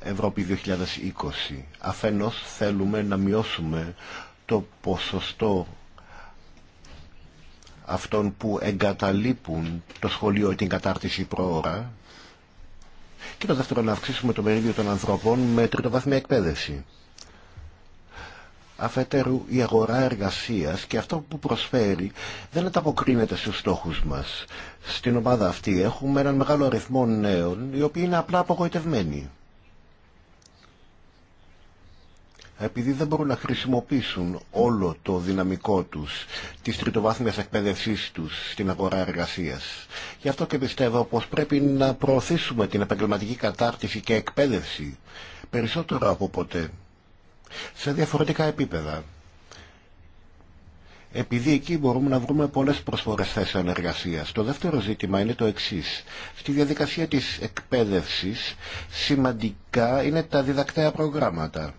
Ευρώπη 2020. Αφενός θέλουμε να μειώσουμε το ποσοστό αυτών που εγκαταλείπουν το σχολείο ή την κατάρτιση προώρα και το δεύτερο να αυξήσουμε το μερίδιο των ανθρώπων με τριτοβάθμια εκπαίδευση. Αφέτερου η αγορά εργασίας και αυτό που προσφέρει δεν ανταποκρίνεται στους στόχους μας. Στην ομάδα αυτή έχουμε έναν μεγάλο αριθμό νέων οι οποίοι είναι απλά απογοητευμένοι. επειδή δεν μπορούν να χρησιμοποιήσουν όλο το δυναμικό τους της τριτοβάθμιας εκπαίδευσής τους στην αγορά εργασίας. Γι' αυτό και πιστεύω πως πρέπει να προωθήσουμε την επαγγελματική κατάρτιση και εκπαίδευση περισσότερο από ποτέ σε διαφορετικά επίπεδα. Επειδή εκεί μπορούμε να βρούμε πολλές προσφορές θέσεων εργασίας. Το δεύτερο ζήτημα είναι το εξής. Στη διαδικασία της εκπαίδευσης σημαντικά είναι τα διδακτέα προγράμματα.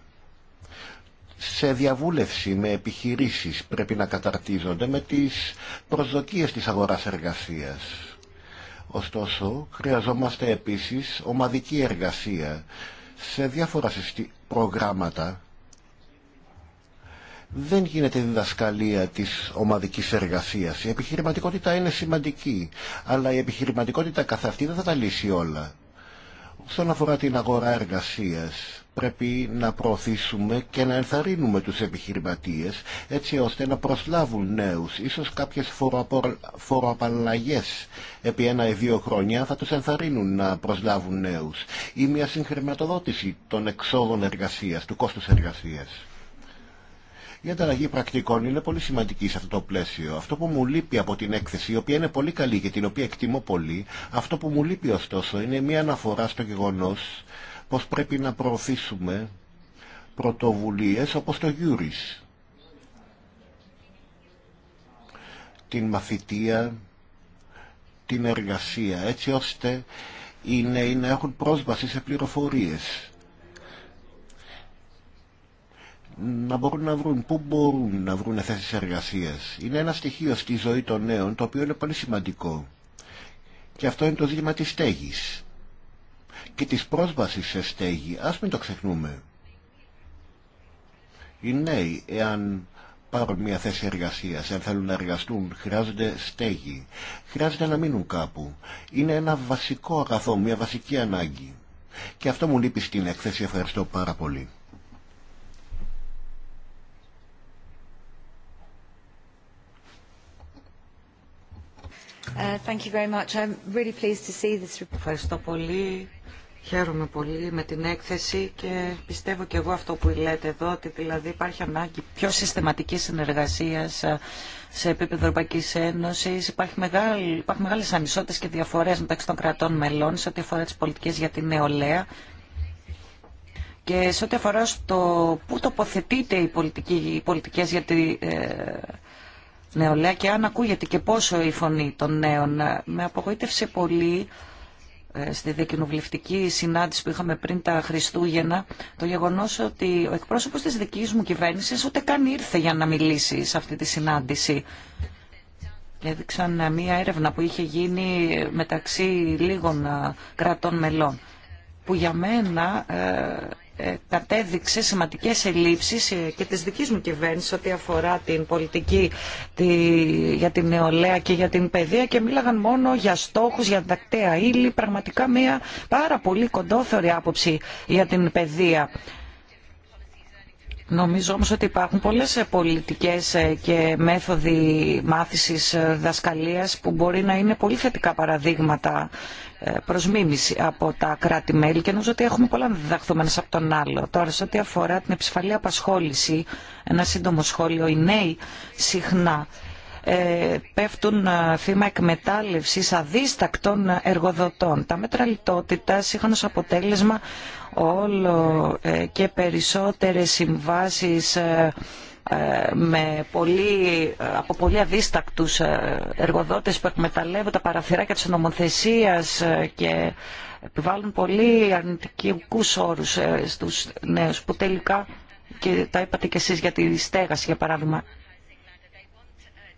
Σε διαβούλευση με επιχειρήσεις πρέπει να καταρτίζονται με τις προσδοκίες της αγοράς εργασίας. Ωστόσο, χρειαζόμαστε επίσης ομαδική εργασία σε διάφορα προγράμματα δεν γίνεται διδασκαλία της ομαδικής εργασίας. Η επιχειρηματικότητα είναι σημαντική, αλλά η επιχειρηματικότητα καθ' αυτή δεν θα τα λύσει όλα. Όσον αφορά την αγορά εργασίας, πρέπει να προωθήσουμε και να ενθαρρύνουμε τους επιχειρηματίες, έτσι ώστε να προσλάβουν νέους. Ίσως κάποιες φοροαπαλλαγές επί ένα ή δύο χρόνια θα τους ενθαρρύνουν να προσλάβουν νέους. Ή μια συγχρηματοδότηση των εξόδων εργασίας, του κόστους εργασίας. Η ανταλλαγή πρακτικών είναι πολύ σημαντική σε αυτό το πλαίσιο. Αυτό που μου λείπει από την έκθεση, η οποία είναι πολύ καλή και την οποία εκτιμώ πολύ, αυτό που μου λείπει ωστόσο είναι μια αναφορά στο γεγονός πως πρέπει να προωθήσουμε πρωτοβουλίες όπως το Γιούρις. Την μαθητεία, την εργασία, έτσι ώστε οι νέοι να έχουν πρόσβαση σε πληροφορίες να μπορούν να βρουν, πού μπορούν να βρουν θέσει εργασία. Είναι ένα στοιχείο στη ζωή των νέων το οποίο είναι πολύ σημαντικό. Και αυτό είναι το ζήτημα τη στέγη και τη πρόσβαση σε στέγη. α μην το ξεχνούμε. Οι νέοι, εάν πάρουν μια θέση εργασία εάν θέλουν να εργαστούν, χρειάζονται στέγη. Χρειάζεται να μείνουν κάπου. Είναι ένα βασικό αγαθό, μια βασική ανάγκη. Και αυτό μου λείπει στην έκθεση. Ευχαριστώ πάρα πολύ. Ευχαριστώ πολύ. Χαίρομαι πολύ με την έκθεση και πιστεύω και εγώ αυτό που λέτε εδώ, ότι δηλαδή υπάρχει ανάγκη πιο συστηματικής συνεργασίας ε, σε επίπεδο Ευρωπαϊκής Ένωσης. υπάρχουν μεγάλες ανισότητες και διαφορές μεταξύ των κρατών μελών σε ό,τι αφορά τις πολιτικές για την νεολαία. Και σε ό,τι αφορά στο πού τοποθετείται οι, πολιτικοί, πολιτικές για τη ε, νεολαία και αν ακούγεται και πόσο η φωνή των νέων. Ε, με απογοήτευσε πολύ ε, στη διακοινοβουλευτική συνάντηση που είχαμε πριν τα Χριστούγεννα το γεγονός ότι ο εκπρόσωπος της δικής μου κυβέρνησης ούτε καν ήρθε για να μιλήσει σε αυτή τη συνάντηση. Έδειξαν ε, μία έρευνα που είχε γίνει μεταξύ λίγων κρατών μελών που για μένα κατέδειξε σημαντικές ελλείψεις ε, και της δικής μου κυβέρνηση ό,τι αφορά την πολιτική για την νεολαία και για την παιδεία και μίλαγαν μόνο για στόχους, για δακτέα ύλη, πραγματικά μια πάρα πολύ κοντόθωρη άποψη για την παιδεία. Νομίζω όμως ότι υπάρχουν πολλές ε, πολιτικές ε, και μέθοδοι μάθησης ε, δασκαλίας που μπορεί να είναι πολύ θετικά παραδείγματα προς μίμηση από τα κράτη-μέλη και νομίζω ότι έχουμε πολλά να διδαχθούμε από τον άλλο. Τώρα, σε ό,τι αφορά την επισφαλή απασχόληση, ένα σύντομο σχόλιο, οι νέοι συχνά πέφτουν θύμα εκμετάλλευσης αδίστακτων εργοδοτών. Τα μέτρα λιτότητας είχαν ως αποτέλεσμα όλο ε, και περισσότερες συμβάσεις ε, ε, με πολύ, από πολύ αδίστακτους εργοδότες που εκμεταλλεύουν τα παραθυράκια της νομοθεσίας και επιβάλλουν πολύ αρνητικούς όρους στους νέους που τελικά και τα είπατε και εσείς για τη στέγαση για παράδειγμα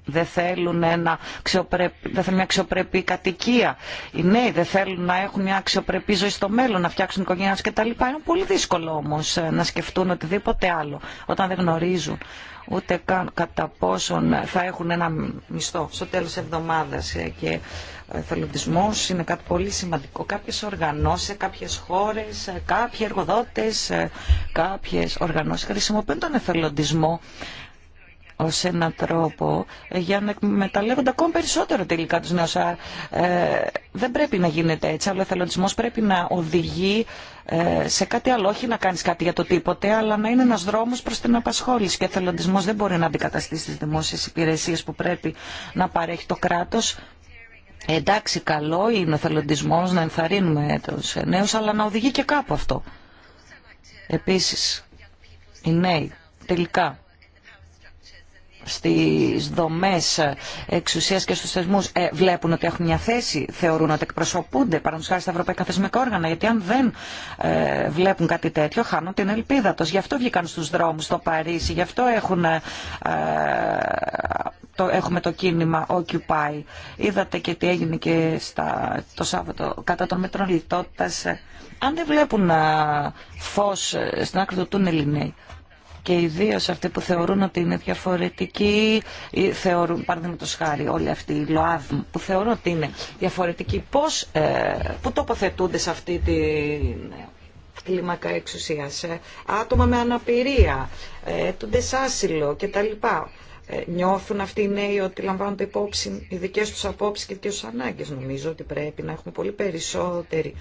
δεν θέλουν, ένα δεν θέλουν μια αξιοπρεπή κατοικία. Οι νέοι δεν θέλουν να έχουν μια αξιοπρεπή ζωή στο μέλλον, να φτιάξουν οικογένειε κτλ. Είναι πολύ δύσκολο όμω ε, να σκεφτούν οτιδήποτε άλλο όταν δεν γνωρίζουν ούτε καν κατά πόσον θα έχουν ένα μισθό στο τέλο τη εβδομάδας ε, και εθελοντισμό είναι κάτι πολύ σημαντικό. Κάποιε οργανώσει, ε, κάποιε χώρε, κάποιοι εργοδότε, κάποιε οργανώσει, χρησιμοποιούν τον εθελοντισμό ως ένα τρόπο για να εκμεταλλεύονται ακόμη περισσότερο τελικά τους νέους. Ε, δεν πρέπει να γίνεται έτσι, αλλά ο εθελοντισμός πρέπει να οδηγεί ε, σε κάτι άλλο, όχι να κάνεις κάτι για το τίποτε, αλλά να είναι ένας δρόμος προς την απασχόληση. Και ο εθελοντισμός δεν μπορεί να αντικαταστήσει τις δημόσιες υπηρεσίες που πρέπει να παρέχει το κράτος. Εντάξει, καλό είναι ο εθελοντισμός να ενθαρρύνουμε τους νέους, αλλά να οδηγεί και κάπου αυτό. Επίσης, οι νέοι τελικά στις δομές εξουσίας και στους θεσμούς ε, βλέπουν ότι έχουν μια θέση, θεωρούν ότι εκπροσωπούνται τους χάρη στα ευρωπαϊκά θεσμικά όργανα, γιατί αν δεν ε, βλέπουν κάτι τέτοιο χάνουν την ελπίδα τους. Γι' αυτό βγήκαν στους δρόμους στο Παρίσι, γι' αυτό έχουν, ε, το, έχουμε το κίνημα Occupy. Είδατε και τι έγινε και στα, το Σάββατο κατά των μέτρων λιτότητας. Αν δεν βλέπουν φως στην άκρη του τούνελ και ιδίω αυτοί που θεωρούν ότι είναι διαφορετικοί, ή θεωρούν, παραδείγματο χάρη, όλοι αυτοί οι ΛΟΑΔΜ που θεωρούν ότι είναι διαφορετικοί, πώς, ε, που τοποθετούνται σε αυτή τη κλίμακα εξουσία, ε, άτομα με αναπηρία, ε, του άσυλο κτλ. Ε, νιώθουν αυτοί οι νέοι ότι λαμβάνονται υπόψη οι δικέ τους απόψεις και οι ανάγκες. Νομίζω ότι πρέπει να έχουμε πολύ περισσότερη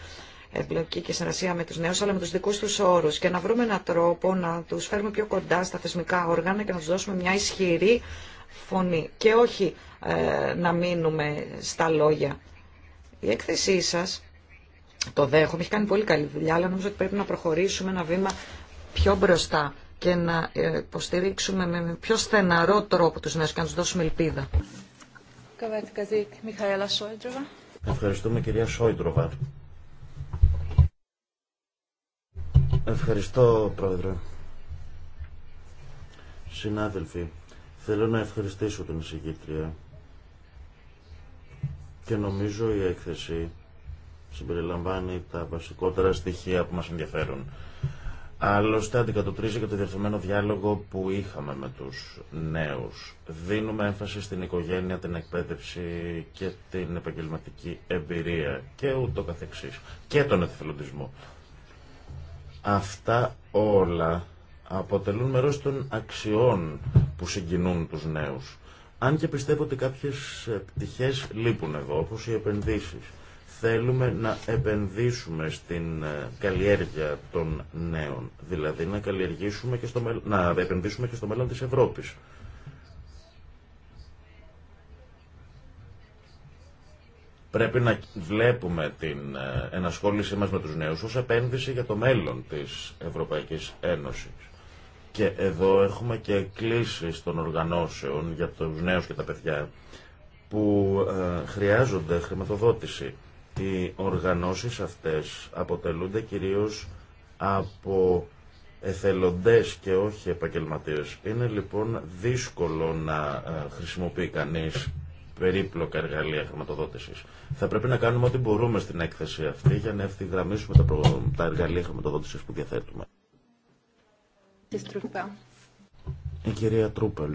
εμπλοκή και συνεργασία με τους νέους, αλλά με τους δικούς τους όρους και να βρούμε έναν τρόπο να τους φέρουμε πιο κοντά στα θεσμικά όργανα και να τους δώσουμε μια ισχυρή φωνή και όχι ε, να μείνουμε στα λόγια. Η έκθεσή σας, το δέχομαι, έχει κάνει πολύ καλή δουλειά, αλλά νομίζω ότι πρέπει να προχωρήσουμε ένα βήμα πιο μπροστά και να ε, υποστηρίξουμε με πιο στεναρό τρόπο τους νέους και να τους δώσουμε ελπίδα. Ευχαριστούμε κυρία Σόιντροβα. Ευχαριστώ, Πρόεδρε. Συνάδελφοι, θέλω να ευχαριστήσω την εισηγήτρια και νομίζω η έκθεση συμπεριλαμβάνει τα βασικότερα στοιχεία που μας ενδιαφέρουν. Άλλωστε αντικατοπτρίζει και το διευθυμένο διάλογο που είχαμε με τους νέους. Δίνουμε έμφαση στην οικογένεια, την εκπαίδευση και την επαγγελματική εμπειρία και ούτω καθεξής. Και τον εθελοντισμό. Αυτά όλα αποτελούν μέρος των αξιών που συγκινούν τους νέους. Αν και πιστεύω ότι κάποιες πτυχές λείπουν εδώ, όπως οι επενδύσεις. Θέλουμε να επενδύσουμε στην ε, καλλιέργεια των νέων, δηλαδή να, καλλιεργήσουμε και στο, να επενδύσουμε και στο μέλλον της Ευρώπης. Πρέπει να βλέπουμε την ε, ενασχόλησή μας με τους νέους ως επένδυση για το μέλλον της Ευρωπαϊκής Ένωσης. Και εδώ έχουμε και κλήσει των οργανώσεων για τους νέους και τα παιδιά που ε, χρειάζονται χρηματοδότηση. Οι οργανώσεις αυτές αποτελούνται κυρίως από εθελοντές και όχι επαγγελματίες. Είναι λοιπόν δύσκολο να ε, χρησιμοποιεί κανείς περίπλοκα εργαλεία χρηματοδότηση. Θα πρέπει να κάνουμε ό,τι μπορούμε στην έκθεση αυτή για να ευθυγραμμίσουμε τα, τα εργαλεία χρηματοδότηση που διαθέτουμε. Η κυρία Τρούπελ.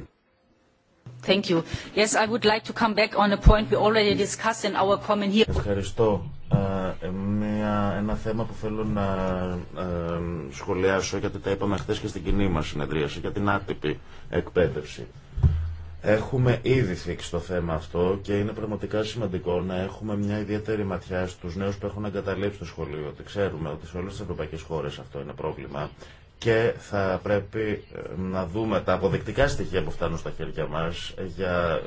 Thank you. Yes, I would like to come back on a point we already discussed in our common here. Ευχαριστώ. Ε, μια, ένα θέμα που θέλω να ε, σχολιάσω γιατί τα είπαμε χθε και στην κοινή μας συνεδρίαση για την άτυπη εκπαίδευση. Έχουμε ήδη θίξει το θέμα αυτό και είναι πραγματικά σημαντικό να έχουμε μια ιδιαίτερη ματιά στους νέους που έχουν εγκαταλείψει το σχολείο. Ότι ξέρουμε ότι σε όλες τις ευρωπαϊκές χώρες αυτό είναι πρόβλημα και θα πρέπει ε, να δούμε τα αποδεικτικά στοιχεία που φτάνουν στα χέρια μας για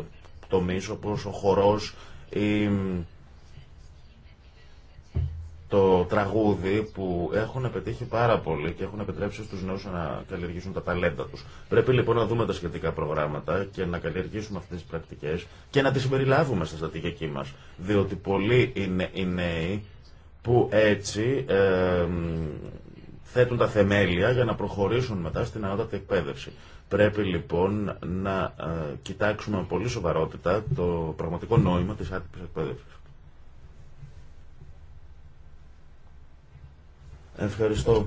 τομείς όπως ο χορός, η το τραγούδι που έχουν πετύχει πάρα πολύ και έχουν επιτρέψει στους νέους να καλλιεργήσουν τα ταλέντα τους. Πρέπει λοιπόν να δούμε τα σχετικά προγράμματα και να καλλιεργήσουμε αυτές τις πρακτικές και να τις συμπεριλάβουμε στα στρατηγική μας. Διότι πολλοί είναι οι νέοι που έτσι ε, θέτουν τα θεμέλια για να προχωρήσουν μετά στην ανώτατη εκπαίδευση. Πρέπει λοιπόν να ε, κοιτάξουμε πολύ σοβαρότητα το πραγματικό νόημα της άτυπης εκπαίδευσης. Ευχαριστώ.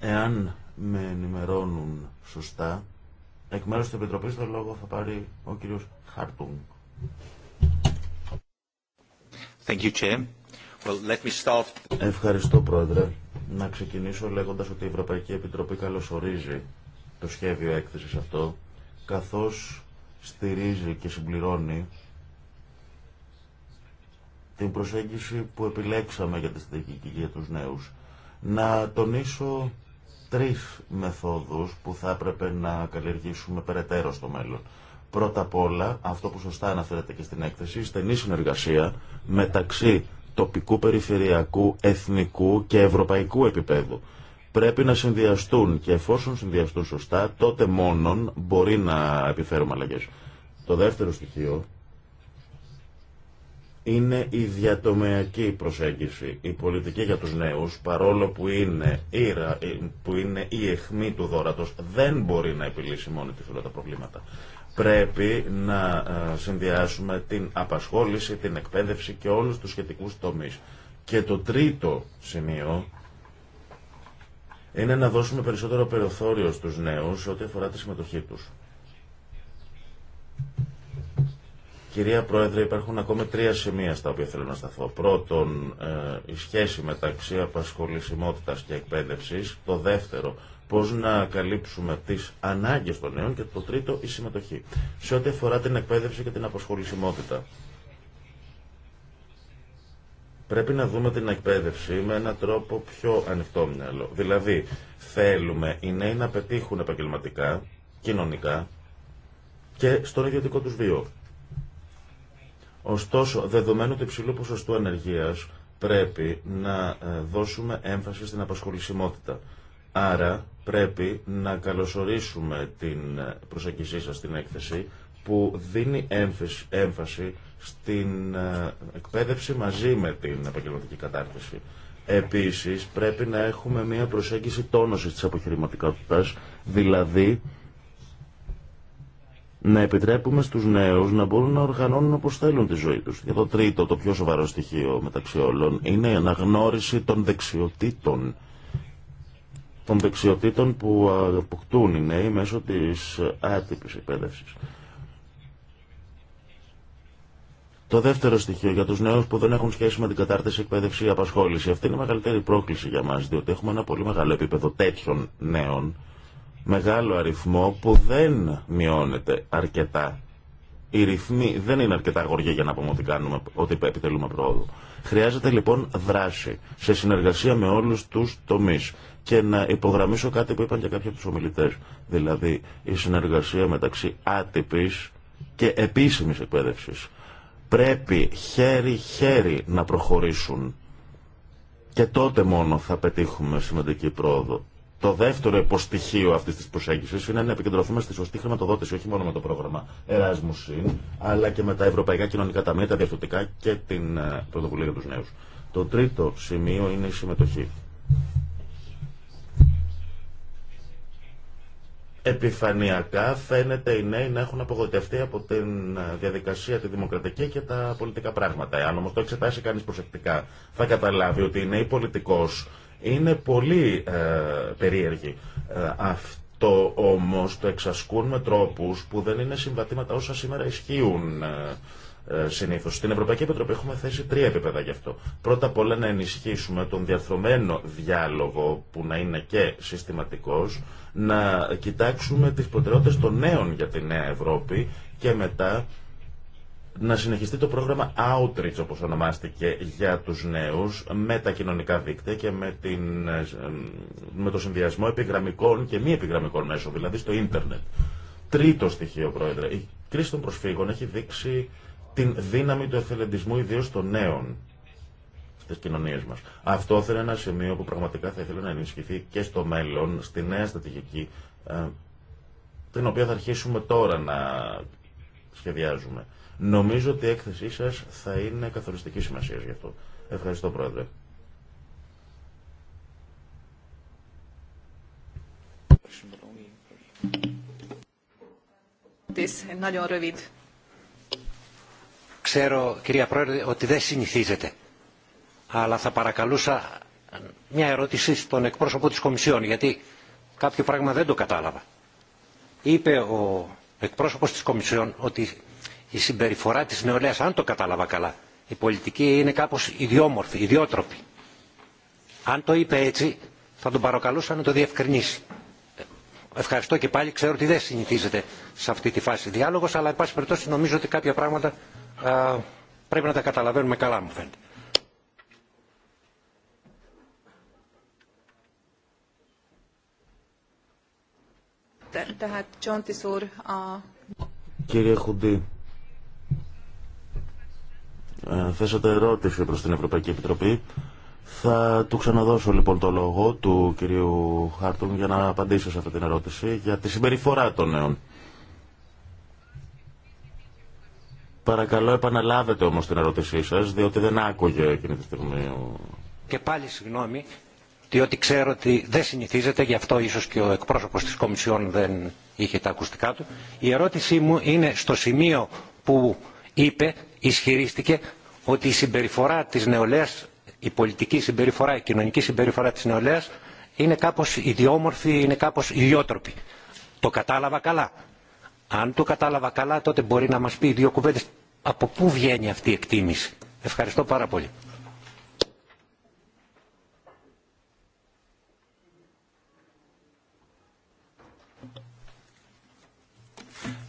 Εάν με ενημερώνουν σωστά, εκ μέρους της Επιτροπής το λόγο θα πάρει ο κύριος Χαρτούν. Thank you, Ευχαριστώ, Πρόεδρε. Να ξεκινήσω λέγοντας ότι η Ευρωπαϊκή Επιτροπή καλωσορίζει το σχέδιο έκθεσης αυτό, καθώς στηρίζει και συμπληρώνει την προσέγγιση που επιλέξαμε για τη στρατηγική για τους νέους. Να τονίσω τρεις μεθόδους που θα έπρεπε να καλλιεργήσουμε περαιτέρω στο μέλλον. Πρώτα απ' όλα, αυτό που σωστά αναφέρεται και στην έκθεση, στενή συνεργασία μεταξύ τοπικού, περιφερειακού, εθνικού και ευρωπαϊκού επίπεδου. Πρέπει να συνδυαστούν και εφόσον συνδυαστούν σωστά, τότε μόνον μπορεί να επιφέρουμε αλλαγές. Το δεύτερο στοιχείο είναι η διατομεακή προσέγγιση. Η πολιτική για τους νέους, παρόλο που είναι, που είναι η αιχμή του δόρατος, δεν μπορεί να επιλύσει μόνη τη τα προβλήματα. Πρέπει να ε, συνδυάσουμε την απασχόληση, την εκπαίδευση και όλους τους σχετικούς τομείς. Και το τρίτο σημείο είναι να δώσουμε περισσότερο περιθώριο στους νέους ό,τι αφορά τη συμμετοχή τους. Κυρία Πρόεδρε, υπάρχουν ακόμη τρία σημεία στα οποία θέλω να σταθώ. Πρώτον, ε, η σχέση μεταξύ απασχολησιμότητας και εκπαίδευσης. Το δεύτερο, πώς να καλύψουμε τις ανάγκες των νέων. Και το τρίτο, η συμμετοχή. Σε ό,τι αφορά την εκπαίδευση και την απασχολησιμότητα. Πρέπει να δούμε την εκπαίδευση με έναν τρόπο πιο ανοιχτό μυαλό. Δηλαδή, θέλουμε οι νέοι να πετύχουν επαγγελματικά, κοινωνικά και στον ιδιωτικό του βίο. Ωστόσο, δεδομένου του υψηλού ποσοστού ανεργία, πρέπει να ε, δώσουμε έμφαση στην απασχολησιμότητα. Άρα, πρέπει να καλωσορίσουμε την ε, προσέγγιση σας στην έκθεση που δίνει έμφαση στην ε, εκπαίδευση μαζί με την επαγγελματική κατάρτιση. Επίσης, πρέπει να έχουμε μια προσέγγιση τόνωσης της αποχειρηματικότητας, δηλαδή να επιτρέπουμε στους νέους να μπορούν να οργανώνουν όπως θέλουν τη ζωή τους. Και το τρίτο, το πιο σοβαρό στοιχείο μεταξύ όλων, είναι η αναγνώριση των δεξιοτήτων. Των δεξιοτήτων που αποκτούν οι νέοι μέσω της άτυπης εκπαίδευσης. Το δεύτερο στοιχείο για τους νέους που δεν έχουν σχέση με την κατάρτιση, εκπαίδευση ή απασχόληση. Αυτή είναι η μεγαλύτερη πρόκληση για μα, διότι έχουμε ένα πολύ μεγάλο επίπεδο τέτοιων νέων μεγάλο αριθμό που δεν μειώνεται αρκετά. Οι ρυθμοί δεν είναι αρκετά αγοριά για να πούμε ότι, κάνουμε, ότι επιτελούμε πρόοδο. Χρειάζεται λοιπόν δράση σε συνεργασία με όλους τους τομείς. Και να υπογραμμίσω κάτι που είπαν και κάποιοι από τους ομιλητές. Δηλαδή η συνεργασία μεταξύ άτυπης και επισημης εκπαιδευση εκπαίδευσης. Πρέπει χέρι-χέρι να προχωρήσουν. Και τότε μόνο θα πετύχουμε σημαντική πρόοδο. Το δεύτερο υποστοιχείο αυτή τη προσέγγιση είναι να επικεντρωθούμε στη σωστή χρηματοδότηση, όχι μόνο με το πρόγραμμα Erasmus, αλλά και με τα Ευρωπαϊκά Κοινωνικά Ταμεία, τα Διευθυντικά και την ε, Πρωτοβουλία για του Νέου. Το τρίτο σημείο είναι η συμμετοχή. επιφανειακά φαίνεται οι νέοι να έχουν απογοητευτεί από τη ε, διαδικασία τη δημοκρατική και τα πολιτικά πράγματα. Αν όμω το εξετάσει κανεί προσεκτικά, θα καταλάβει ότι οι νέοι είναι πολύ ε, περίεργη. Ε, αυτό όμως το εξασκούν με τρόπους που δεν είναι συμβατή όσα σήμερα ισχύουν ε, ε, συνήθως. Στην Ευρωπαϊκή Επιτροπή έχουμε θέσει τρία επίπεδα γι' αυτό. Πρώτα απ' όλα να ενισχύσουμε τον διαρθρωμένο διάλογο που να είναι και συστηματικός, να κοιτάξουμε τις προτεραιότητες των νέων για τη Νέα Ευρώπη και μετά να συνεχιστεί το πρόγραμμα Outreach, όπως ονομάστηκε, για τους νέους, με τα κοινωνικά δίκτυα και με, την, ε, με το συνδυασμό επιγραμμικών και μη επιγραμμικών μέσων, δηλαδή στο ίντερνετ. Τρίτο στοιχείο, Πρόεδρε. Η κρίση των προσφύγων έχει δείξει την δύναμη του εθελοντισμού, ιδίω των νέων στι κοινωνίε μα. Αυτό θα είναι ένα σημείο που πραγματικά θα ήθελα να ενισχυθεί και στο μέλλον, στη νέα στρατηγική, ε, την οποία θα αρχίσουμε τώρα να σχεδιάζουμε. Νομίζω ότι η έκθεσή σα θα είναι καθοριστική σημασία γι' αυτό. Ευχαριστώ Πρόεδρε. Ξέρω, κυρία Πρόεδρε, ότι δεν συνηθίζεται, αλλά θα παρακαλούσα μια ερώτηση στον εκπρόσωπο της Κομισιόν, γιατί κάποιο πράγμα δεν το κατάλαβα. Είπε ο εκπρόσωπος της Κομισιόν ότι η συμπεριφορά της νεολαίας, αν το κατάλαβα καλά. Η πολιτική είναι κάπως ιδιόμορφη, ιδιότροπη. Αν το είπε έτσι, θα τον παρακαλούσα να το διευκρινίσει. Ευχαριστώ και πάλι. Ξέρω ότι δεν συνηθίζεται σε αυτή τη φάση διάλογος, αλλά, εν πάση περιπτώσει, νομίζω ότι κάποια πράγματα πρέπει να τα καταλαβαίνουμε καλά, μου φαίνεται. Κύριε Χουντή, ε, θέσατε ερώτηση προς την Ευρωπαϊκή Επιτροπή. Θα του ξαναδώσω λοιπόν το λόγο του κυρίου Χάρτον για να απαντήσω σε αυτή την ερώτηση για τη συμπεριφορά των νέων. Παρακαλώ επαναλάβετε όμως την ερώτησή σας, διότι δεν άκουγε εκείνη τη στιγμή. Και πάλι συγγνώμη, διότι ξέρω ότι δεν συνηθίζεται, γι' αυτό ίσως και ο εκπρόσωπος της Κομισιόν δεν είχε τα ακουστικά του. Η ερώτησή μου είναι στο σημείο που είπε, ισχυρίστηκε ότι η συμπεριφορά της νεολαίας, η πολιτική συμπεριφορά, η κοινωνική συμπεριφορά της νεολαίας είναι κάπως ιδιόμορφη, είναι κάπως ιδιότροπη. Το κατάλαβα καλά. Αν το κατάλαβα καλά τότε μπορεί να μας πει δύο κουβέντες από πού βγαίνει αυτή η εκτίμηση. Ευχαριστώ πάρα πολύ.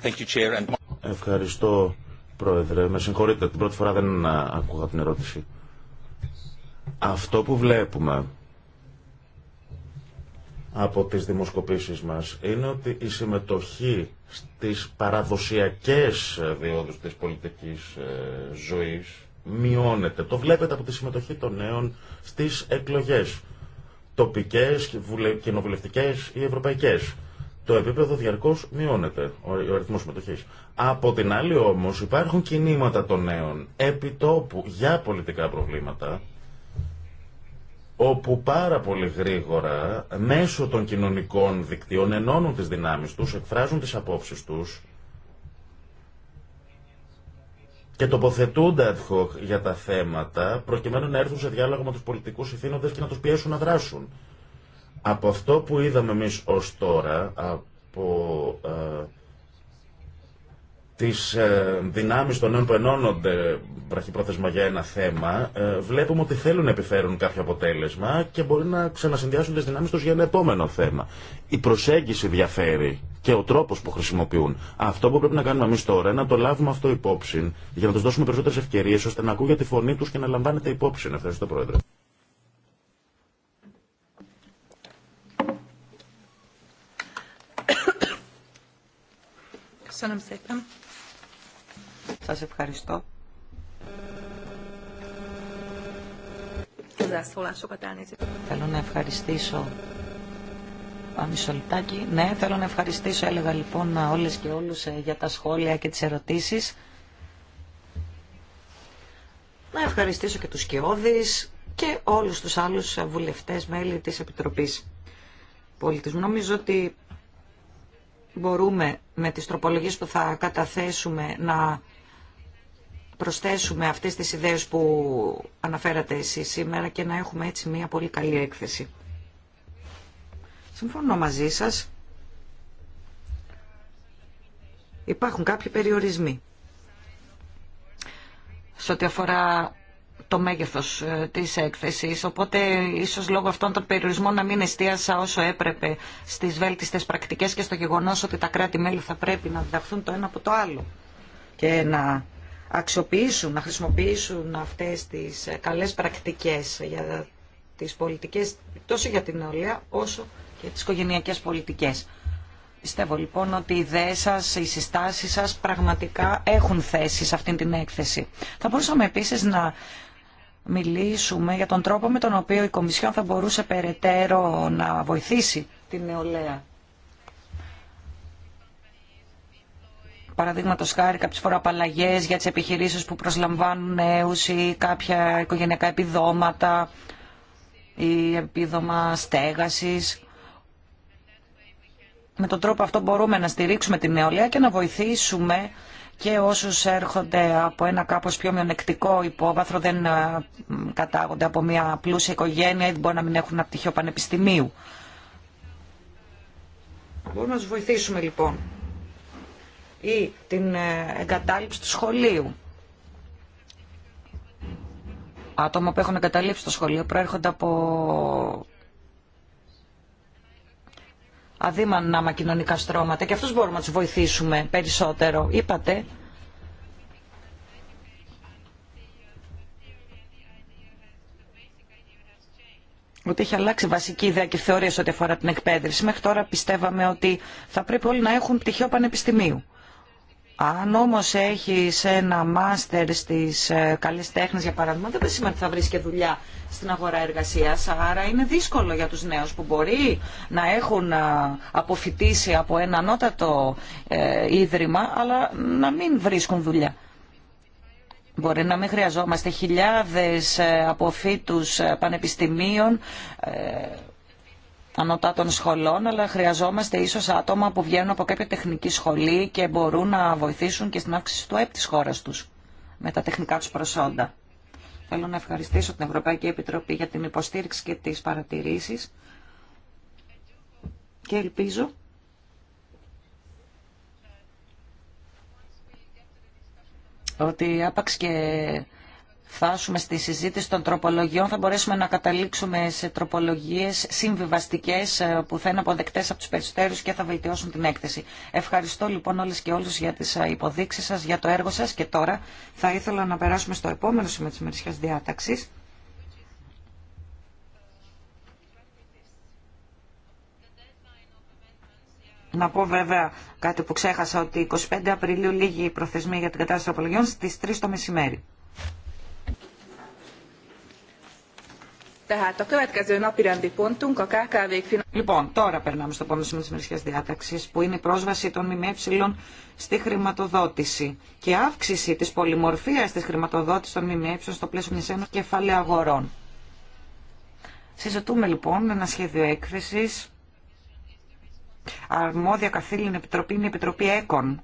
Thank you, Chair. Ευχαριστώ Πρόεδρε, με συγχωρείτε, την πρώτη φορά δεν ακούγα την ερώτηση. Αυτό που βλέπουμε από τις δημοσκοπήσεις μας είναι ότι η συμμετοχή στις παραδοσιακές διόδους της πολιτικής ε, ζωής μειώνεται. Το βλέπετε από τη συμμετοχή των νέων στις εκλογές τοπικές, κοινοβουλευτικές ή ευρωπαϊκές το επίπεδο διαρκώ μειώνεται, ο αριθμό συμμετοχή. Από την άλλη όμω υπάρχουν κινήματα των νέων επιτόπου για πολιτικά προβλήματα, όπου πάρα πολύ γρήγορα μέσω των κοινωνικών δικτύων ενώνουν τις δυνάμεις τους, εκφράζουν τις απόψεις τους και τοποθετούνται ad για τα θέματα προκειμένου να έρθουν σε διάλογο με τους πολιτικούς ηθήνοντες και να τους πιέσουν να δράσουν. Από αυτό που είδαμε εμείς ως τώρα, από ε, τις ε, δυνάμεις των νέων που ενώνονται βραχυπρόθεσμα για ένα θέμα, ε, βλέπουμε ότι θέλουν να επιφέρουν κάποιο αποτέλεσμα και μπορεί να ξανασυνδυάσουν τις δυνάμεις τους για ένα επόμενο θέμα. Η προσέγγιση διαφέρει και ο τρόπος που χρησιμοποιούν. Αυτό που πρέπει να κάνουμε εμείς τώρα είναι να το λάβουμε αυτό υπόψη για να τους δώσουμε περισσότερες ευκαιρίες ώστε να ακούγεται τη φωνή τους και να λαμβάνεται υπόψη. Ευχαριστώ Πρόεδρε. Σας ευχαριστώ. Θέλω να ευχαριστήσω Μισολτάκη. Ναι, θέλω να ευχαριστήσω, έλεγα λοιπόν, όλες και όλους ε, για τα σχόλια και τις ερωτήσεις. Να ευχαριστήσω και τους Κεώδης και όλους τους άλλους ε, βουλευτές, μέλη της Επιτροπής Πολιτισμού. Νομίζω ότι μπορούμε με τις τροπολογίες που θα καταθέσουμε να προσθέσουμε αυτές τις ιδέες που αναφέρατε εσείς σήμερα και να έχουμε έτσι μια πολύ καλή έκθεση. Συμφωνώ μαζί σας. Υπάρχουν κάποιοι περιορισμοί. Σε ό,τι αφορά το μέγεθος ε, της έκθεσης, οπότε ίσως λόγω αυτών των περιορισμών να μην εστίασα όσο έπρεπε στις βέλτιστες πρακτικές και στο γεγονός ότι τα κράτη-μέλη θα πρέπει να διδαχθούν το ένα από το άλλο και να αξιοποιήσουν, να χρησιμοποιήσουν αυτές τις ε, καλές πρακτικές για τις πολιτικές, τόσο για την νεολαία όσο και τις οικογενειακές πολιτικές. Πιστεύω λοιπόν ότι οι ιδέες σας, οι συστάσεις σας πραγματικά έχουν θέση σε αυτήν την έκθεση. Θα μπορούσαμε επίσης να μιλήσουμε για τον τρόπο με τον οποίο η Κομισιόν θα μπορούσε περαιτέρω να βοηθήσει την νεολαία. Παραδείγματο χάρη, κάποιε φορά απαλλαγέ για τι επιχειρήσει που προσλαμβάνουν νέου ή κάποια οικογενειακά επιδόματα ή επίδομα στέγαση. Με τον τρόπο αυτό μπορούμε να στηρίξουμε την νεολαία και να βοηθήσουμε και όσους έρχονται από ένα κάπως πιο μειονεκτικό υπόβαθρο δεν ε, κατάγονται από μια πλούσια οικογένεια ή μπορεί να μην έχουν ένα πανεπιστημίου. Μπορούμε να του βοηθήσουμε λοιπόν ή την ε, εγκατάλειψη του σχολείου. Άτομα που έχουν εγκαταλείψει το σχολείο προέρχονται από αδύναμα κοινωνικά στρώματα και αυτούς μπορούμε να τους βοηθήσουμε περισσότερο. Είπατε ότι έχει αλλάξει βασική ιδέα και θεωρία σε ό,τι αφορά την εκπαίδευση. Μέχρι τώρα πιστεύαμε ότι θα πρέπει όλοι να έχουν πτυχίο πανεπιστημίου. Αν όμως έχεις ένα μάστερ στις ε, καλές τέχνες για παράδειγμα δεν σημαίνει ότι θα βρεις και δουλειά στην αγορά εργασίας. Άρα είναι δύσκολο για τους νέους που μπορεί να έχουν ε, αποφυτίσει από ένα ανώτατο ε, ίδρυμα αλλά να μην βρίσκουν δουλειά. Μπορεί να μην χρειαζόμαστε χιλιάδες αποφύτους πανεπιστημίων ανωτάτων σχολών, αλλά χρειαζόμαστε ίσως άτομα που βγαίνουν από κάποια τεχνική σχολή και μπορούν να βοηθήσουν και στην αύξηση του ΕΠ της χώρας τους με τα τεχνικά τους προσόντα. Θέλω να ευχαριστήσω την Ευρωπαϊκή Επιτροπή για την υποστήριξη και τις παρατηρήσεις και ελπίζω ότι άπαξ και φτάσουμε στη συζήτηση των τροπολογιών θα μπορέσουμε να καταλήξουμε σε τροπολογίες συμβιβαστικές ε, που θα είναι αποδεκτές από τους περισσότερους και θα βελτιώσουν την έκθεση. Ευχαριστώ λοιπόν όλες και όλους για τις ε, υποδείξεις σας, για το έργο σας και τώρα θα ήθελα να περάσουμε στο επόμενο σημείο της ημερησιάς διάταξης. Να πω βέβαια κάτι που ξέχασα ότι 25 Απριλίου λίγη η προθεσμία για την κατάσταση των τροπολογιών στις 3 το μεσημέρι. Λοιπόν, τώρα περνάμε στο επόμενο σημείο τη μερικέ διάταξη, που είναι η πρόσβαση των ΜΜΕ στη χρηματοδότηση και αύξηση τη πολυμορφία τη χρηματοδότηση των ΜΜΕ στο πλαίσιο μια ένωση κεφαλαίου αγορών. Συζητούμε λοιπόν ένα σχέδιο έκθεση. Αρμόδια καθήλυν επιτροπή είναι η Επιτροπή ΕΚΟΝ.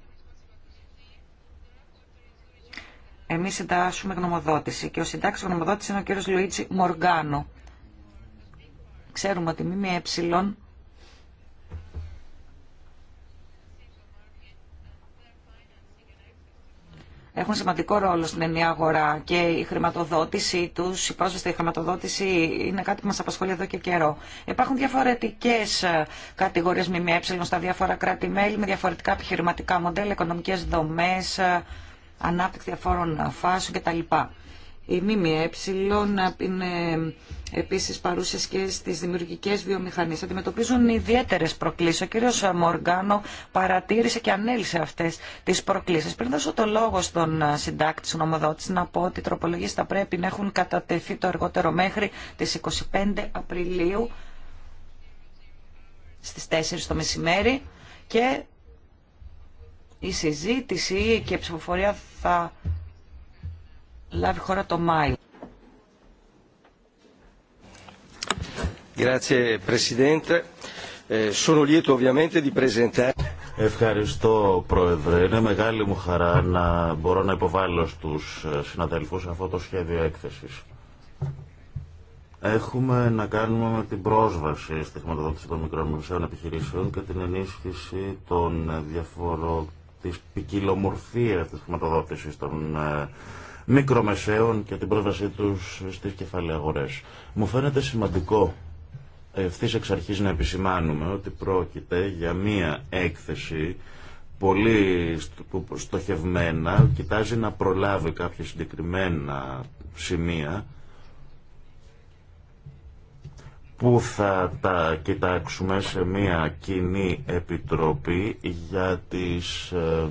Εμεί συντάσσουμε γνωμοδότηση και ο συντάξης γνωμοδότηση είναι ο κύριο Λουίτσι Μοργάνο. Ξέρουμε ότι ΜΜΕ έχουν σημαντικό ρόλο στην ενιαία αγορά και η χρηματοδότησή του, η πρόσβαση στη χρηματοδότηση είναι κάτι που μα απασχολεί εδώ και καιρό. Υπάρχουν διαφορετικέ ε, κατηγορίε ΜΜΕ στα διάφορα κράτη-μέλη με διαφορετικά επιχειρηματικά μοντέλα, οικονομικέ δομέ, ε, ανάπτυξη διαφόρων φάσεων κτλ. Η ΜΜΕ είναι επίση παρούσε και στι δημιουργικέ βιομηχανίε. Αντιμετωπίζουν ιδιαίτερε προκλήσει. Ο κ. Μοργάνο παρατήρησε και ανέλησε αυτέ τι προκλήσει. Πριν δώσω το λόγο στον συντάκτη, στον ομοδότη, να πω ότι οι τροπολογίε θα πρέπει να έχουν κατατεθεί το αργότερο μέχρι τι 25 Απριλίου στι 4 το μεσημέρι και η συζήτηση και η ψηφοφορία θα λάβει χώρα το Μάιο. Ε, Ευχαριστώ Πρόεδρε. Είναι μεγάλη μου χαρά να μπορώ να υποβάλω στους ε, συναδελφούς αυτό το σχέδιο έκθεσης. Έχουμε να κάνουμε με την πρόσβαση στη χρηματοδότηση των μικρών μεσαίων επιχειρήσεων και την ενίσχυση των διαφορών της ποικιλομορφίας της χρηματοδότησης των ε, μικρομεσαίων και την πρόσβασή τους στις κεφαλαίες Μου φαίνεται σημαντικό ευθύς εξ αρχής να επισημάνουμε ότι πρόκειται για μία έκθεση πολύ στοχευμένα, κοιτάζει να προλάβει κάποια συγκεκριμένα σημεία που θα τα κοιτάξουμε σε μια κοινή επιτροπή για τις ε,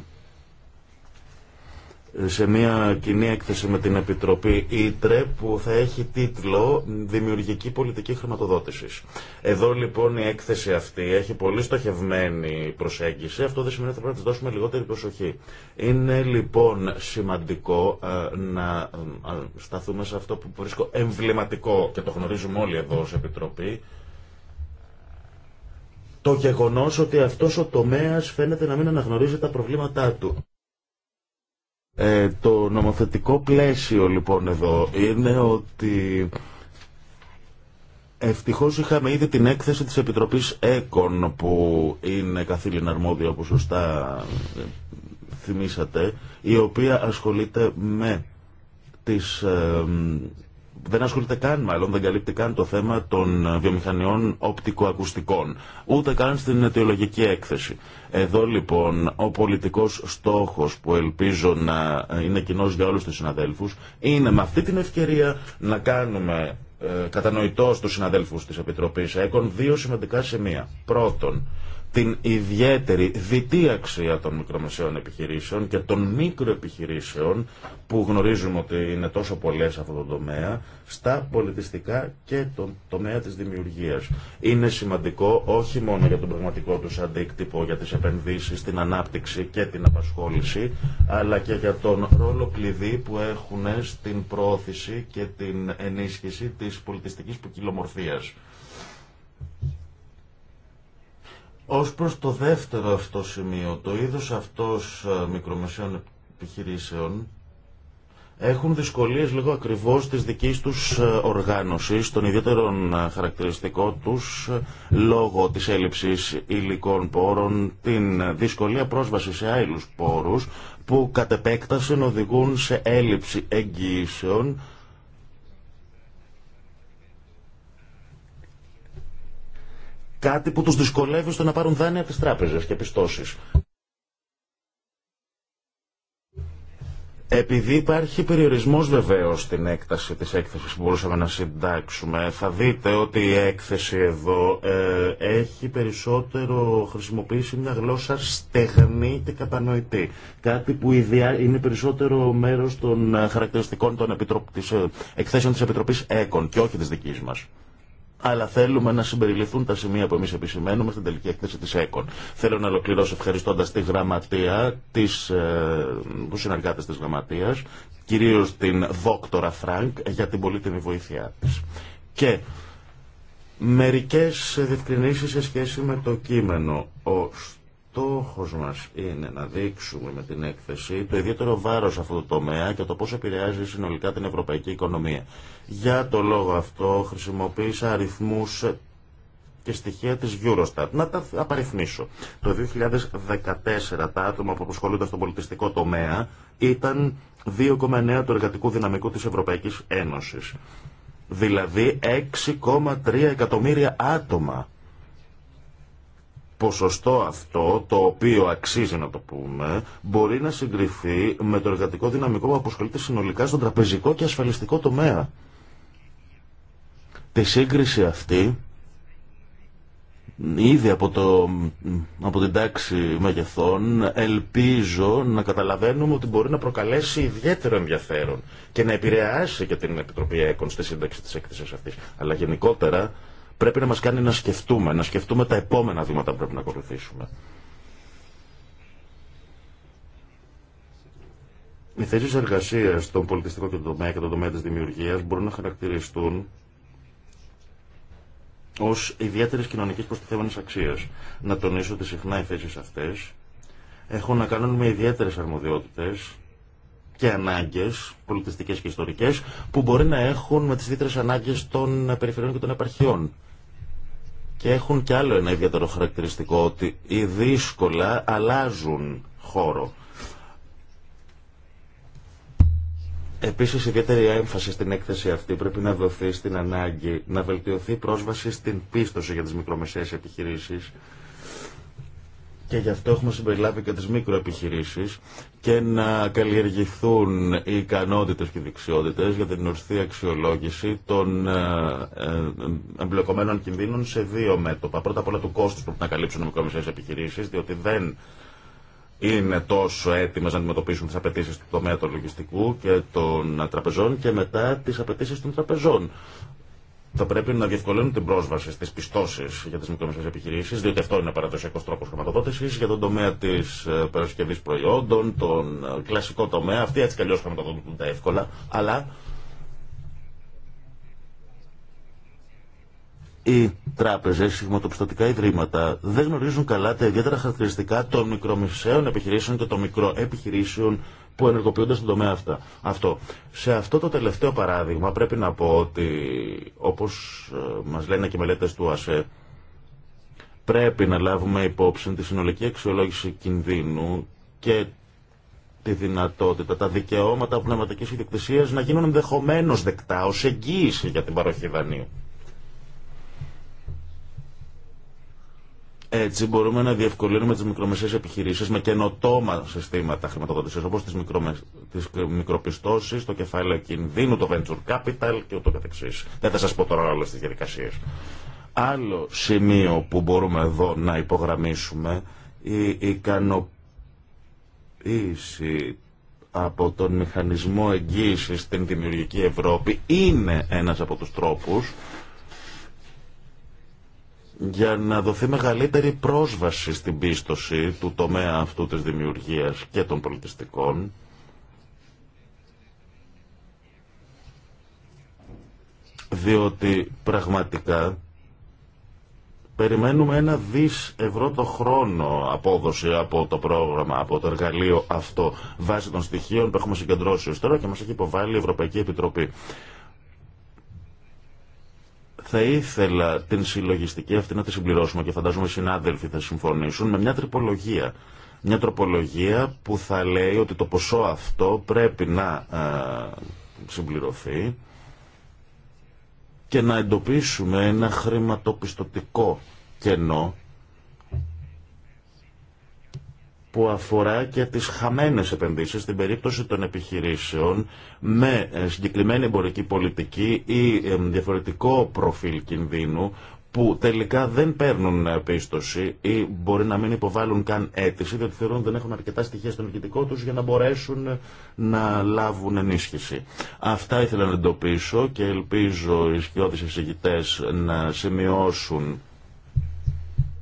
σε μια κοινή έκθεση με την Επιτροπή ΙΤΡΕ που θα έχει τίτλο «Δημιουργική πολιτική χρηματοδότησης». Εδώ λοιπόν η έκθεση αυτή έχει πολύ στοχευμένη προσέγγιση. Αυτό δεν σημαίνει ότι θα πρέπει να της δώσουμε λιγότερη προσοχή. Είναι λοιπόν σημαντικό ε, να ε, ε, σταθούμε σε αυτό που βρίσκω εμβληματικό και το γνωρίζουμε όλοι εδώ ως Επιτροπή το γεγονός ότι αυτός ο τομέας φαίνεται να μην αναγνωρίζει τα προβλήματά του. Ε, το νομοθετικό πλαίσιο λοιπόν εδώ είναι ότι ευτυχώς είχαμε ήδη την έκθεση της Επιτροπής ΕΚΟΝ που είναι καθήλυνα αρμόδια όπως σωστά ε, θυμήσατε η οποία ασχολείται με τις ε, δεν ασχολείται καν μάλλον, δεν καλύπτει καν το θέμα των ε, βιομηχανιών οπτικοακουστικών, ούτε καν στην αιτιολογική έκθεση. Εδώ λοιπόν ο πολιτικός στόχος που ελπίζω να ε, είναι κοινό για όλους τους συναδέλφους είναι με αυτή την ευκαιρία να κάνουμε ε, κατανοητό στους συναδέλφους της Επιτροπής ΕΚΟΝ δύο σημαντικά σημεία. Πρώτον, την ιδιαίτερη διτή αξία των μικρομεσαίων επιχειρήσεων και των μικροεπιχειρήσεων που γνωρίζουμε ότι είναι τόσο πολλές σε αυτό τον τομέα στα πολιτιστικά και τον τομέα της δημιουργίας. Είναι σημαντικό όχι μόνο για τον πραγματικό τους αντίκτυπο, για τις επενδύσεις, την ανάπτυξη και την απασχόληση αλλά και για τον ρόλο κλειδί που έχουν στην πρόθεση και την ενίσχυση της πολιτιστικής ποικιλομορφίας Ως προς το δεύτερο αυτό σημείο, το είδος αυτός ε, μικρομεσαίων επιχειρήσεων έχουν δυσκολίες λίγο ακριβώς της δικής τους ε, οργάνωσης, των ιδιαίτερων ε, χαρακτηριστικών τους, λόγω της έλλειψης υλικών πόρων, την δυσκολία πρόσβαση σε άλλους πόρους, που κατ' επέκταση οδηγούν σε έλλειψη εγγυήσεων Κάτι που τους δυσκολεύει στο να πάρουν δάνεια από τις τράπεζες και πιστώσεις. Επειδή υπάρχει περιορισμός βεβαίω στην έκταση της έκθεση που μπορούσαμε να συντάξουμε, θα δείτε ότι η έκθεση εδώ ε, έχει περισσότερο χρησιμοποιήσει μια γλώσσα στεγνή και κατανοητή. Κάτι που είναι περισσότερο μέρος των χαρακτηριστικών των της, ε, εκθέσεων τη Επιτροπή ΕΚΟΝ και όχι της δικής μας αλλά θέλουμε να συμπεριληφθούν τα σημεία που εμεί επισημαίνουμε στην τελική έκθεση τη ΕΚΟΝ. Θέλω να ολοκληρώσω ευχαριστώντα τη γραμματεία, ε, του συνεργάτε τη γραμματεία, κυρίω την δόκτωρα Φρανκ, για την πολύτιμη βοήθειά τη. Και μερικέ διευκρινήσει σε σχέση με το κείμενο. Ο στόχος μας είναι να δείξουμε με την έκθεση το ιδιαίτερο βάρος αυτού του τομέα και το πώς επηρεάζει συνολικά την ευρωπαϊκή οικονομία. Για το λόγο αυτό χρησιμοποίησα αριθμούς και στοιχεία της Eurostat. Να τα απαριθμίσω. Το 2014 τα άτομα που απασχολούνται στον πολιτιστικό τομέα ήταν 2,9 του εργατικού δυναμικού της Ευρωπαϊκής Ένωσης. Δηλαδή 6,3 εκατομμύρια άτομα ποσοστό αυτό, το οποίο αξίζει να το πούμε, μπορεί να συγκριθεί με το εργατικό δυναμικό που αποσχολείται συνολικά στον τραπεζικό και ασφαλιστικό τομέα. Τη σύγκριση αυτή ήδη από, το, από την τάξη μεγεθών ελπίζω να καταλαβαίνουμε ότι μπορεί να προκαλέσει ιδιαίτερο ενδιαφέρον και να επηρεάσει και την Επιτροπή ΕΚΟΝ στη σύνταξη της έκθεσης αυτής. Αλλά γενικότερα πρέπει να μας κάνει να σκεφτούμε, να σκεφτούμε τα επόμενα βήματα που πρέπει να ακολουθήσουμε. Οι θέσει εργασία στον πολιτιστικό και τον τομέα και τον τομέα τη δημιουργία μπορούν να χαρακτηριστούν ω ιδιαίτερες κοινωνικές προστιθέμενη αξία. Να τονίσω ότι συχνά οι θέσει αυτέ έχουν να κάνουν με ιδιαίτερε αρμοδιότητε και ανάγκε, πολιτιστικέ και ιστορικέ, που μπορεί να έχουν με τι ιδιαίτερε ανάγκε των περιφερειών και των επαρχιών. Και έχουν και άλλο ένα ιδιαίτερο χαρακτηριστικό, ότι οι δύσκολα αλλάζουν χώρο. Επίση, ιδιαίτερη έμφαση στην έκθεση αυτή πρέπει να δοθεί στην ανάγκη να βελτιωθεί πρόσβαση στην πίστοση για τι μικρομεσαίε επιχειρήσει και γι' αυτό έχουμε συμπεριλάβει και τις μικροεπιχειρήσεις και να καλλιεργηθούν οι ικανότητες και οι δεξιότητες για την ορθή αξιολόγηση των ε, ε, εμπλεκομένων κινδύνων σε δύο μέτωπα. Πρώτα απ' όλα του κόστου που πρέπει να καλύψουν οι μικρομεσαίες επιχειρήσεις, διότι δεν είναι τόσο έτοιμε να αντιμετωπίσουν τι απαιτήσει του τομέα του λογιστικού και των τραπεζών και μετά τι απαιτήσει των τραπεζών. Θα πρέπει να διευκολύνουν την πρόσβαση στι πιστώσει για τι μικρομεσαίε επιχειρήσει, διότι αυτό είναι παραδοσιακό τρόπο χρηματοδότηση για τον τομέα τη ε, παρασκευή προϊόντων, τον ε, κλασικό τομέα. Αυτοί έτσι κι αλλιώ χρηματοδοτούνται εύκολα, αλλά οι τράπεζε, οι χρηματοπιστωτικά ιδρύματα δεν γνωρίζουν καλά τα ιδιαίτερα χαρακτηριστικά των μικρομεσαίων επιχειρήσεων και των μικροεπιχειρήσεων που ενεργοποιούνται στον τομέα αυτά. αυτό. Σε αυτό το τελευταίο παράδειγμα πρέπει να πω ότι όπως ε, μας λένε και οι μελέτες του ΑΣΕ πρέπει να λάβουμε υπόψη τη συνολική αξιολόγηση κινδύνου και τη δυνατότητα, τα δικαιώματα πνευματικής ιδιοκτησίας να γίνουν ενδεχομένω δεκτά ως εγγύηση για την παροχή δανείου. Έτσι μπορούμε να διευκολύνουμε τι μικρομεσαίες επιχειρήσει με καινοτόμα συστήματα χρηματοδότηση, όπω τι μικρομε... μικροπιστώσει, το κεφάλαιο κινδύνου, το venture capital και ούτω καθεξής. Δεν θα σα πω τώρα όλε τι διαδικασίε. Άλλο σημείο που μπορούμε εδώ να υπογραμμίσουμε η ικανοποίηση από τον μηχανισμό εγγύησης στην δημιουργική Ευρώπη είναι ένας από τους τρόπους για να δοθεί μεγαλύτερη πρόσβαση στην πίστοση του τομέα αυτού της δημιουργίας και των πολιτιστικών διότι πραγματικά περιμένουμε ένα δις ευρώ το χρόνο απόδοση από το πρόγραμμα, από το εργαλείο αυτό βάσει των στοιχείων που έχουμε συγκεντρώσει ως τώρα και μας έχει υποβάλει η Ευρωπαϊκή Επιτροπή θα ήθελα την συλλογιστική αυτή να τη συμπληρώσουμε και φαντάζομαι οι συνάδελφοι θα συμφωνήσουν με μια τροπολογία. Μια τροπολογία που θα λέει ότι το ποσό αυτό πρέπει να ε, συμπληρωθεί και να εντοπίσουμε ένα χρηματοπιστωτικό κενό που αφορά και τις χαμένες επενδύσεις στην περίπτωση των επιχειρήσεων με ε, συγκεκριμένη εμπορική πολιτική ή ε, διαφορετικό προφίλ κινδύνου που τελικά δεν παίρνουν πίστοση ή μπορεί να μην υποβάλουν καν αίτηση διότι θεωρούν δεν έχουν αρκετά στοιχεία στον ηχητικό τους για να μπορέσουν να λάβουν ενίσχυση. Αυτά ήθελα να εντοπίσω και ελπίζω οι σκιώδεις εισηγητές να σημειώσουν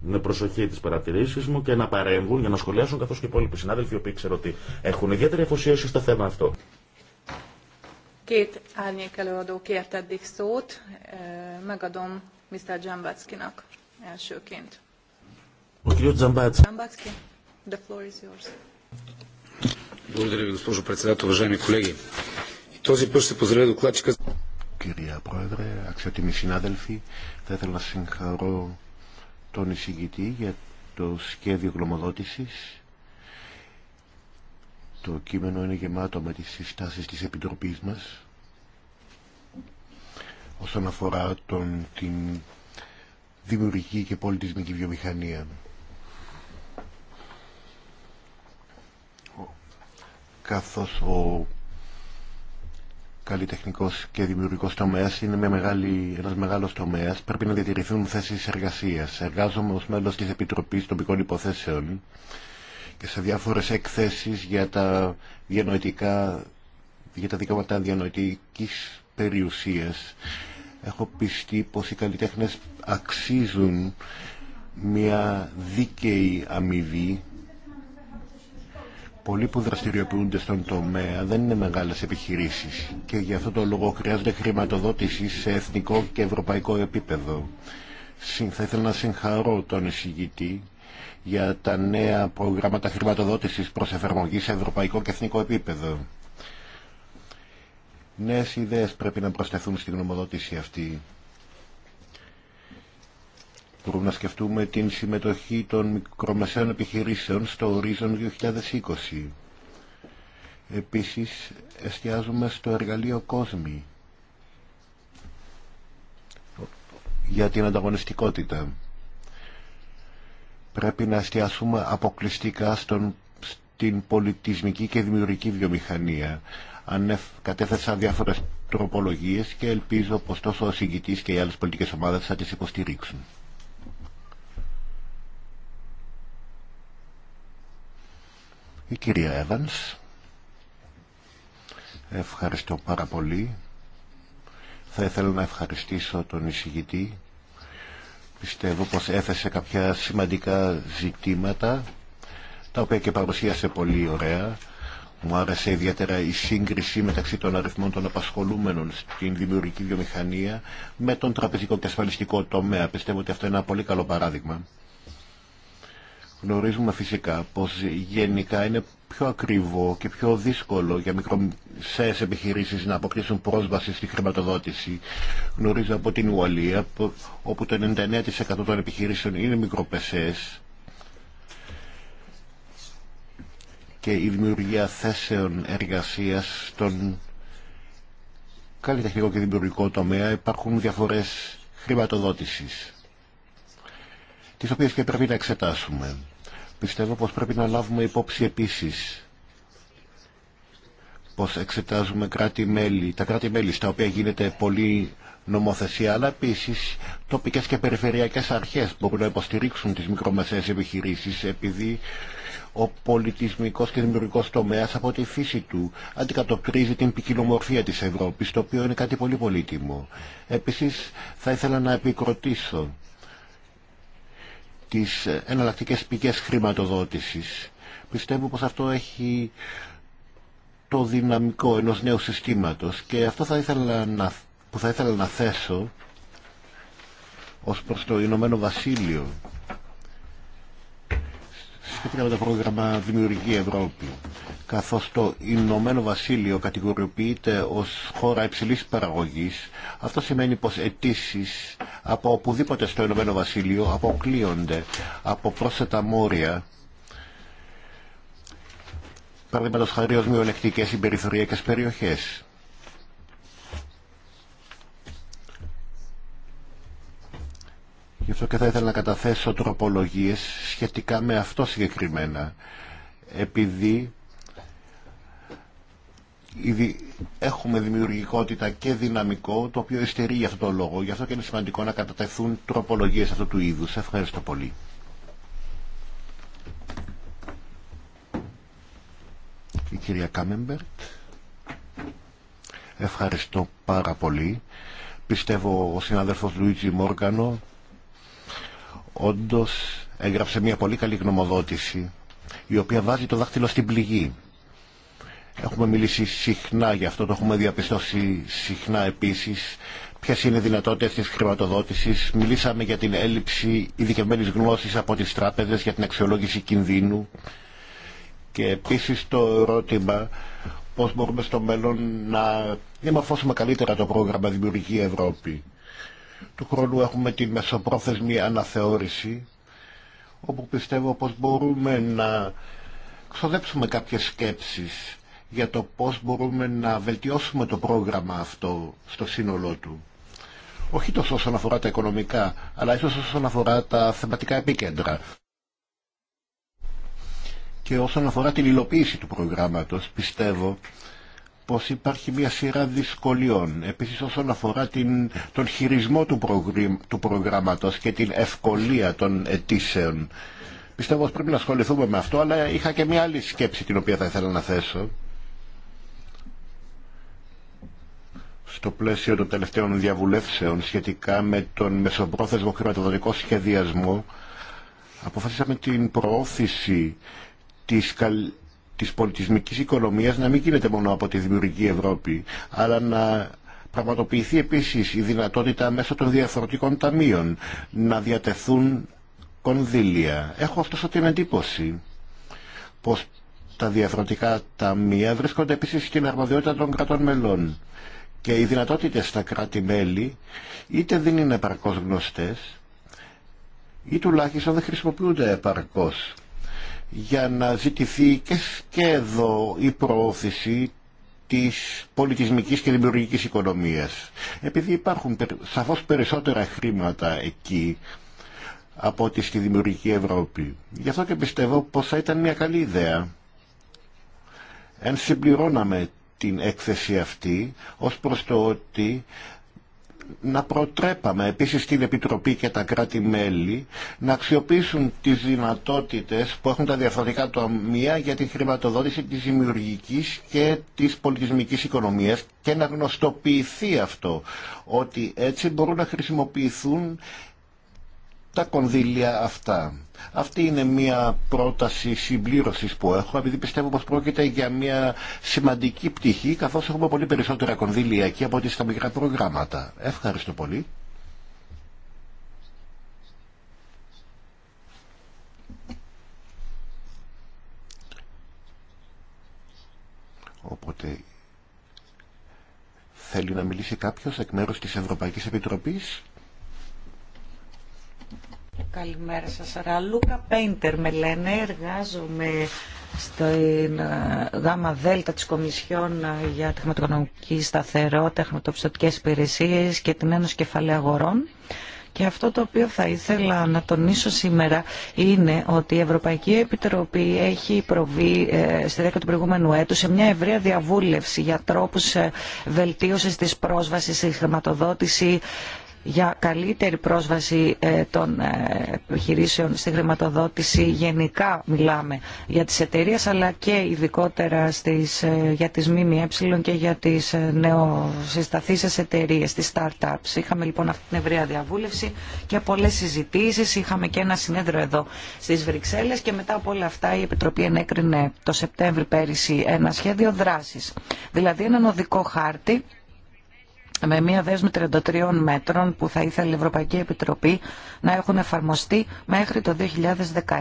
με προσοχή τι παρατηρήσει μου και να παρέμβουν για να σχολιάσουν καθώ και οι υπόλοιποι συνάδελφοι, οι οποίοι ξέρω ότι έχουν ιδιαίτερη αφοσίωση στο θέμα αυτό. Ο Τζαμπάτσκι. Κυρία Πρόεδρε, αξιότιμοι συνάδελφοι, θα ήθελα να συγχαρώ τον εισηγητή για το σχέδιο γλωμοδότησης. Το κείμενο είναι γεμάτο με τις συστάσεις της Επιτροπής μας όσον αφορά τον, την δημιουργική και πολιτισμική βιομηχανία. Καθώς ο Καλλιτεχνικό και δημιουργικός τομέας είναι μια μεγάλη, ένας μεγάλος τομέας. Πρέπει να διατηρηθούν θέσεις εργασίας. Εργάζομαι ως μέλος της Επιτροπής Τοπικών Υποθέσεων και σε διάφορες εκθέσεις για τα, διανοητικά, για τα δικαιώματα διανοητικής περιουσίας. Έχω πιστεί πως οι καλλιτέχνες αξίζουν μια δίκαιη αμοιβή πολλοί που δραστηριοποιούνται στον τομέα δεν είναι μεγάλες επιχειρήσεις και γι' αυτό το λόγο χρειάζεται χρηματοδότηση σε εθνικό και ευρωπαϊκό επίπεδο. Θα ήθελα να συγχαρώ τον εισηγητή για τα νέα προγράμματα χρηματοδότησης προς εφαρμογή σε ευρωπαϊκό και εθνικό επίπεδο. Νέες ιδέες πρέπει να προσθεθούν στην γνωμοδότηση αυτή Μπορούμε να σκεφτούμε την συμμετοχή των μικρομεσαίων επιχειρήσεων στο Horizon 2020. Επίσης, εστιάζουμε στο εργαλείο κόσμη για την ανταγωνιστικότητα. Πρέπει να εστιάσουμε αποκλειστικά στον, στην πολιτισμική και δημιουργική βιομηχανία. Ανεφ, κατέθεσα διάφορες τροπολογίες και ελπίζω πως τόσο ο συγκητής και οι άλλες πολιτικές ομάδες θα τις υποστηρίξουν. Η κυρία Evans. Ευχαριστώ πάρα πολύ. Θα ήθελα να ευχαριστήσω τον εισηγητή. Πιστεύω πως έθεσε κάποια σημαντικά ζητήματα, τα οποία και παρουσίασε πολύ ωραία. Μου άρεσε ιδιαίτερα η σύγκριση μεταξύ των αριθμών των απασχολούμενων στην δημιουργική βιομηχανία με τον τραπεζικό και ασφαλιστικό τομέα. Πιστεύω ότι αυτό είναι ένα πολύ καλό παράδειγμα Γνωρίζουμε φυσικά πως γενικά είναι πιο ακριβό και πιο δύσκολο για μικρομεσαίες επιχειρήσεις να αποκτήσουν πρόσβαση στη χρηματοδότηση. Γνωρίζω από την Ουαλία, όπου το 99% των επιχειρήσεων είναι μικροπεσές και η δημιουργία θέσεων εργασίας στον καλλιτεχνικό και δημιουργικό τομέα υπάρχουν διαφορές χρηματοδότησης τις οποίες και πρέπει να εξετάσουμε. Πιστεύω πως πρέπει να λάβουμε υπόψη επίσης πως εξετάζουμε κράτη-μέλη, τα κράτη-μέλη στα οποία γίνεται πολύ νομοθεσία, αλλά επίσης τοπικές και περιφερειακές αρχές μπορούν να υποστηρίξουν τις μικρομεσαίες επιχειρήσεις επειδή ο πολιτισμικός και δημιουργικός τομέας από τη φύση του αντικατοπτρίζει την ποικιλομορφία της Ευρώπης, το οποίο είναι κάτι πολύ πολύτιμο. Επίσης θα ήθελα να επικροτήσω τις εναλλακτικές πηγές χρηματοδότησης. Πιστεύω πως αυτό έχει το δυναμικό ενός νέου συστήματος και αυτό θα ήθελα να, που θα ήθελα να θέσω ως προς το Ηνωμένο Βασίλειο σχετικά με το πρόγραμμα Δημιουργία Ευρώπη καθώς το Ηνωμένο Βασίλειο κατηγοριοποιείται ως χώρα υψηλής παραγωγής, αυτό σημαίνει πως αιτήσει από οπουδήποτε στο Ηνωμένο Βασίλειο αποκλείονται από πρόσθετα μόρια, παραδείγματος χαρίως μειονεκτικέ συμπεριφοριακές περιοχές. Γι' αυτό και θα ήθελα να καταθέσω τροπολογίες σχετικά με αυτό συγκεκριμένα. Επειδή έχουμε δημιουργικότητα και δυναμικό, το οποίο ειστερεί για αυτόν τον λόγο. Γι' αυτό και είναι σημαντικό να κατατεθούν τροπολογίες αυτού του είδους. Ευχαριστώ πολύ. Η κυρία Κάμεμπερτ. Ευχαριστώ πάρα πολύ. Πιστεύω ο συνάδελφος Λουίτζι Μόργανο όντως έγραψε μια πολύ καλή γνωμοδότηση η οποία βάζει το δάχτυλο στην πληγή. Έχουμε μιλήσει συχνά γι' αυτό, το έχουμε διαπιστώσει συχνά επίσης. Ποιε είναι οι δυνατότητε τη χρηματοδότηση. Μιλήσαμε για την έλλειψη ειδικευμένη γνώση από τι τράπεζε για την αξιολόγηση κινδύνου. Και επίση το ερώτημα πώ μπορούμε στο μέλλον να διαμορφώσουμε καλύτερα το πρόγραμμα Δημιουργική Ευρώπη. Του χρόνου έχουμε τη μεσοπρόθεσμη αναθεώρηση, όπου πιστεύω πως μπορούμε να ξοδέψουμε κάποιες σκέψεις για το πώς μπορούμε να βελτιώσουμε το πρόγραμμα αυτό στο σύνολό του. Όχι τόσο όσον αφορά τα οικονομικά, αλλά ίσως όσον αφορά τα θεματικά επίκεντρα. Και όσον αφορά την υλοποίηση του προγράμματος, πιστεύω πως υπάρχει μια σειρά δυσκολιών. Επίσης όσον αφορά την, τον χειρισμό του, προγρι, του προγράμματος και την ευκολία των αιτήσεων. Πιστεύω ότι πρέπει να ασχοληθούμε με αυτό, αλλά είχα και μια άλλη σκέψη την οποία θα ήθελα να θέσω. στο πλαίσιο των τελευταίων διαβουλεύσεων σχετικά με τον μεσοπρόθεσμο χρηματοδοτικό σχεδιασμό αποφασίσαμε την προώθηση της, της πολιτισμικής οικονομίας να μην γίνεται μόνο από τη δημιουργική Ευρώπη, αλλά να πραγματοποιηθεί επίσης η δυνατότητα μέσω των διαφορετικών ταμείων να διατεθούν κονδύλια. Έχω ότι την εντύπωση πως τα διαφορετικά ταμεία βρίσκονται επίσης στην αρμοδιότητα των κρατών μελών και οι δυνατότητες στα κράτη-μέλη είτε δεν είναι επαρκώς γνωστές ή τουλάχιστον δεν χρησιμοποιούνται επαρκώς για να ζητηθεί και εδώ η προώθηση της πολιτισμικής και δημιουργικής οικονομίας. Επειδή υπάρχουν σαφώς περισσότερα χρήματα εκεί από ότι στη δημιουργική Ευρώπη. Γι' αυτό και πιστεύω πως θα ήταν μια καλή ιδέα εν συμπληρώναμε την έκθεση αυτή ως προς το ότι να προτρέπαμε επίσης την Επιτροπή και τα κράτη-μέλη να αξιοποιήσουν τις δυνατότητες που έχουν τα διαφορετικά τομεία για την χρηματοδότηση της δημιουργικής και της πολιτισμικής οικονομίας και να γνωστοποιηθεί αυτό, ότι έτσι μπορούν να χρησιμοποιηθούν τα κονδύλια αυτά. Αυτή είναι μια πρόταση συμπλήρωσης που έχω, επειδή πιστεύω πως πρόκειται για μια σημαντική πτυχή, καθώς έχουμε πολύ περισσότερα κονδύλια εκεί από ό,τι στα μικρά προγράμματα. Ευχαριστώ πολύ. Οπότε θέλει να μιλήσει κάποιος εκ μέρους της Ευρωπαϊκής Επιτροπής. Καλημέρα σας. Ραλούκα Πέιντερ με λένε. Εργάζομαι στο ε, γάμα δέλτα της Κομισιόν ε, για τη χρηματοοικονομική σταθερότητα, χρηματοπιστωτικές υπηρεσίε και την Ένωση Κεφαλαίου Αγορών. Και αυτό το οποίο θα ήθελα να τονίσω σήμερα είναι ότι η Ευρωπαϊκή Επιτροπή έχει προβεί ε, στη δέκα του προηγούμενου έτου σε μια ευρεία διαβούλευση για τρόπους βελτίωσης της πρόσβασης στη χρηματοδότηση για καλύτερη πρόσβαση ε, των ε, επιχειρήσεων στη χρηματοδότηση. Γενικά μιλάμε για τις εταιρείες αλλά και ειδικότερα στις, ε, για τις ΜΜΕ και για τις νεοσυσταθήσεις εταιρείες, τις startups. Είχαμε λοιπόν αυτή την ευρεία διαβούλευση και πολλές συζητήσεις. Είχαμε και ένα συνέδριο εδώ στις Βρυξέλλες και μετά από όλα αυτά η Επιτροπή ενέκρινε το Σεπτέμβρη πέρυσι ένα σχέδιο δράσης. Δηλαδή έναν οδικό χάρτη με μια δέσμη 33 μέτρων που θα ήθελε η Ευρωπαϊκή Επιτροπή να έχουν εφαρμοστεί μέχρι το 2019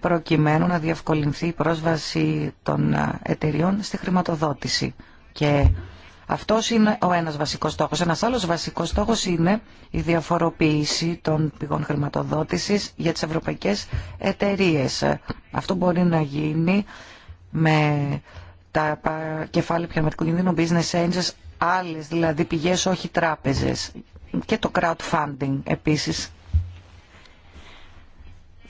προκειμένου να διευκολυνθεί η πρόσβαση των εταιριών στη χρηματοδότηση. Και αυτός είναι ο ένας βασικός στόχος. Ένας άλλος βασικός στόχος είναι η διαφοροποίηση των πηγών χρηματοδότησης για τις ευρωπαϊκές εταιρείες. Αυτό μπορεί να γίνει με τα κεφάλαια πνευματικού κινδύνου business angels άλλες δηλαδή πηγές, όχι τράπεζες. Και το crowdfunding επίσης.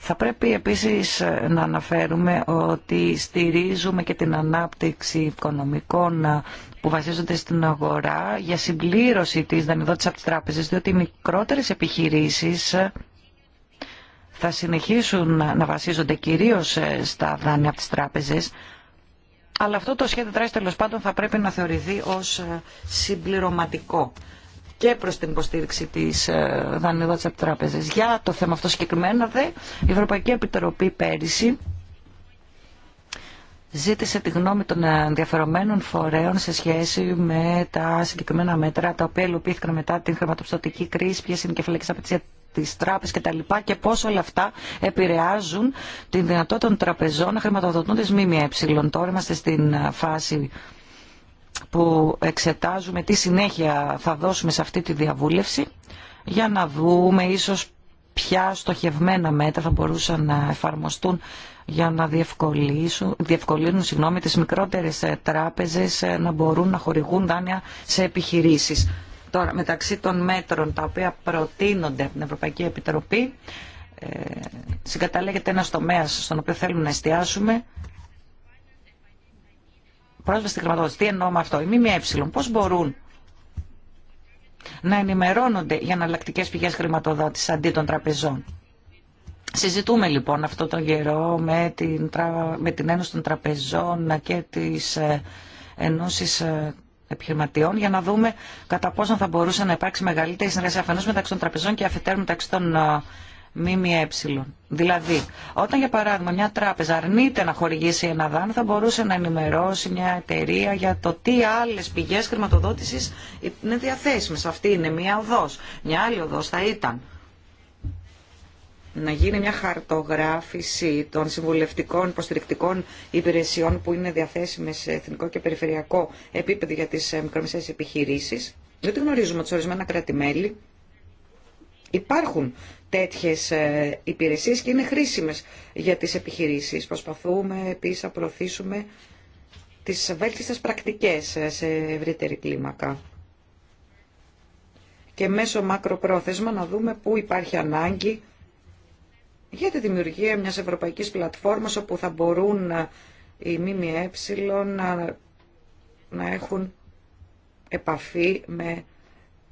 Θα πρέπει επίσης να αναφέρουμε ότι στηρίζουμε και την ανάπτυξη οικονομικών ε, που βασίζονται στην αγορά για συμπλήρωση της δανειδότητας από τις τράπεζες, διότι οι μικρότερες επιχειρήσεις ε, θα συνεχίσουν να βασίζονται κυρίως ε, στα δάνεια από τις τράπεζες, αλλά αυτό το σχέδιο δράση τέλο πάντων θα πρέπει να θεωρηθεί ως ε, συμπληρωματικό και προς την υποστήριξη της ε, δανειοδότησης από τράπεζε. Για το θέμα αυτό συγκεκριμένα δε, η Ευρωπαϊκή Επιτροπή πέρυσι ζήτησε τη γνώμη των ενδιαφερομένων φορέων σε σχέση με τα συγκεκριμένα μέτρα τα οποία υλοποιήθηκαν μετά την χρηματοπιστωτική κρίση, ποιε είναι οι κεφαλαίκε τις τράπεζες και τα λοιπά και πώς όλα αυτά επηρεάζουν τη δυνατότητα των τραπεζών να χρηματοδοτούν τις ΜΜΕ. Τώρα είμαστε στην φάση που εξετάζουμε τι συνέχεια θα δώσουμε σε αυτή τη διαβούλευση για να δούμε ίσως ποια στοχευμένα μέτρα θα μπορούσαν να εφαρμοστούν για να διευκολύνουν, διευκολύνουν συγγνώμη, τις μικρότερες τράπεζες να μπορούν να χορηγούν δάνεια σε επιχειρήσεις μεταξύ των μέτρων τα οποία προτείνονται από την Ευρωπαϊκή Επιτροπή, ε, συγκαταλέγεται ένας τομέας στον οποίο θέλουμε να εστιάσουμε, πρόσβαση στη χρηματοδότηση. Τι εννοώ με αυτό, οι ΜΜΕ, πώς μπορούν να ενημερώνονται για αναλλακτικέ πηγές χρηματοδότησης αντί των τραπεζών. Συζητούμε λοιπόν αυτό τον καιρό με την, με την Ένωση των Τραπεζών και τις ε, ενώσεις ε, επιχειρηματιών για να δούμε κατά πόσο θα μπορούσε να υπάρξει μεγαλύτερη συνεργασία αφενό μεταξύ των τραπεζών και αφετέρου μεταξύ των ΜΜΕ. Δηλαδή, όταν για παράδειγμα μια τράπεζα αρνείται να χορηγήσει ένα δάνειο, θα μπορούσε να ενημερώσει μια εταιρεία για το τι άλλε πηγέ χρηματοδότηση είναι διαθέσιμε. Αυτή είναι μια οδό. Μια άλλη οδό θα ήταν να γίνει μια χαρτογράφηση των συμβουλευτικών υποστηρικτικών υπηρεσιών που είναι διαθέσιμε σε εθνικό και περιφερειακό επίπεδο για τις ε, μικρομεσαίες επιχειρήσεις. Διότι γνωρίζουμε ότι σε ορισμένα κράτη-μέλη υπάρχουν τέτοιε υπηρεσίε και είναι χρήσιμε για τι επιχειρήσει. Προσπαθούμε επίση να προωθήσουμε τις βέλτιστες πρακτικές ε, σε ευρύτερη κλίμακα και μέσω μακροπρόθεσμα να δούμε πού υπάρχει ανάγκη για τη δημιουργία μιας ευρωπαϊκής πλατφόρμας όπου θα μπορούν ε, οι ΜΜΕ να, να έχουν επαφή με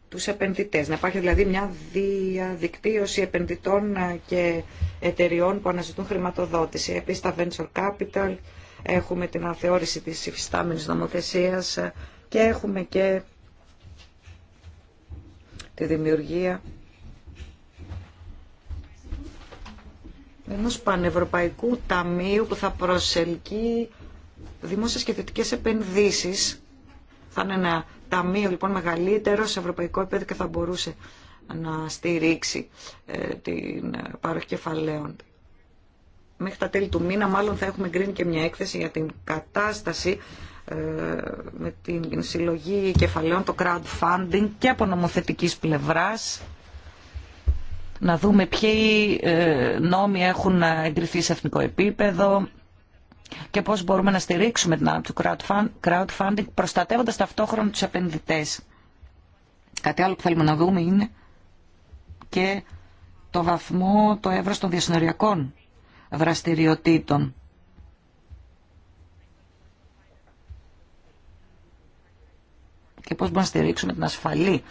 τους επενδυτές. Να υπάρχει δηλαδή μια διαδικτύωση επενδυτών ε, και εταιριών που αναζητούν χρηματοδότηση. Επίσης τα venture capital, έχουμε την αθεώρηση της υφιστάμενης νομοθεσίας ε, και έχουμε και τη δημιουργία ενός πανευρωπαϊκού ταμείου που θα προσελκύει δημόσιες και θετικέ επενδύσεις. Θα είναι ένα ταμείο λοιπόν μεγαλύτερο σε ευρωπαϊκό επίπεδο και θα μπορούσε να στηρίξει ε, την παροχή κεφαλαίων. Μέχρι τα τέλη του μήνα μάλλον θα έχουμε γκρίνει και μια έκθεση για την κατάσταση ε, με την συλλογή κεφαλαίων, το crowdfunding και από νομοθετικής πλευράς να δούμε ποιοι ε, νόμοι έχουν εγκριθεί σε εθνικό επίπεδο και πώς μπορούμε να στηρίξουμε την του crowdfunding προστατεύοντας ταυτόχρονα τους επενδυτές. Κάτι άλλο που θέλουμε να δούμε είναι και το βαθμό, το εύρος των διασυνοριακών δραστηριοτήτων και πώς μπορούμε να στηρίξουμε την ασφαλή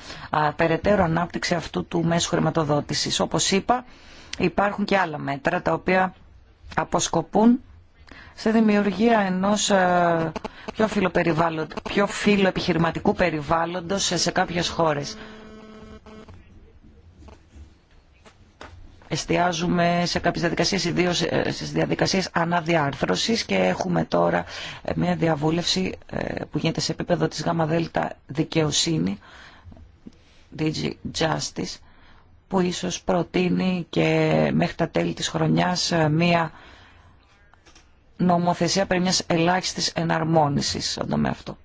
περαιτέρω ανάπτυξη αυτού του μέσου χρηματοδότησης. Όπως είπα, υπάρχουν και άλλα μέτρα τα οποία αποσκοπούν σε δημιουργία ενός α, πιο, πιο φιλοεπιχειρηματικού περιβάλλοντος σε, σε κάποιες χώρες. εστιάζουμε σε κάποιες διαδικασίες, ιδίως ε, στις διαδικασίες αναδιάρθρωσης και έχουμε τώρα ε, μια διαβούλευση ε, που γίνεται σε επίπεδο της ΓΔ δικαιοσύνη, DG Justice, που ίσως προτείνει και μέχρι τα τέλη της χρονιάς μια νομοθεσία περί μιας ελάχιστης εναρμόνισης στον τομέα αυτό.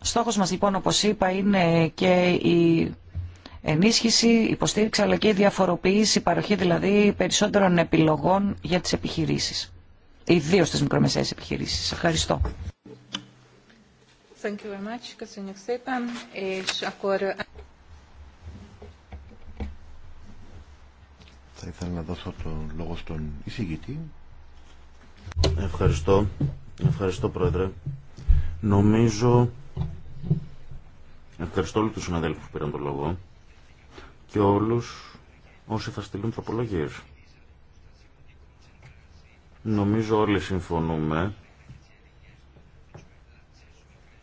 Στόχος μας λοιπόν όπως είπα είναι και η ενίσχυση, υποστήριξη αλλά και διαφοροποίηση, παροχή δηλαδή περισσότερων επιλογών για τις επιχειρήσεις. Ιδίω στις μικρομεσαίες επιχειρήσεις. Ευχαριστώ. Thank you very much. Θα ήθελα να δώσω τον λόγο στον εισηγητή. Ευχαριστώ. Ευχαριστώ Πρόεδρε. Νομίζω... Ευχαριστώ όλους τους συναδέλφους που πήραν τον λόγο και όλους όσοι θα στείλουν τροπολογίες. Νομίζω όλοι συμφωνούμε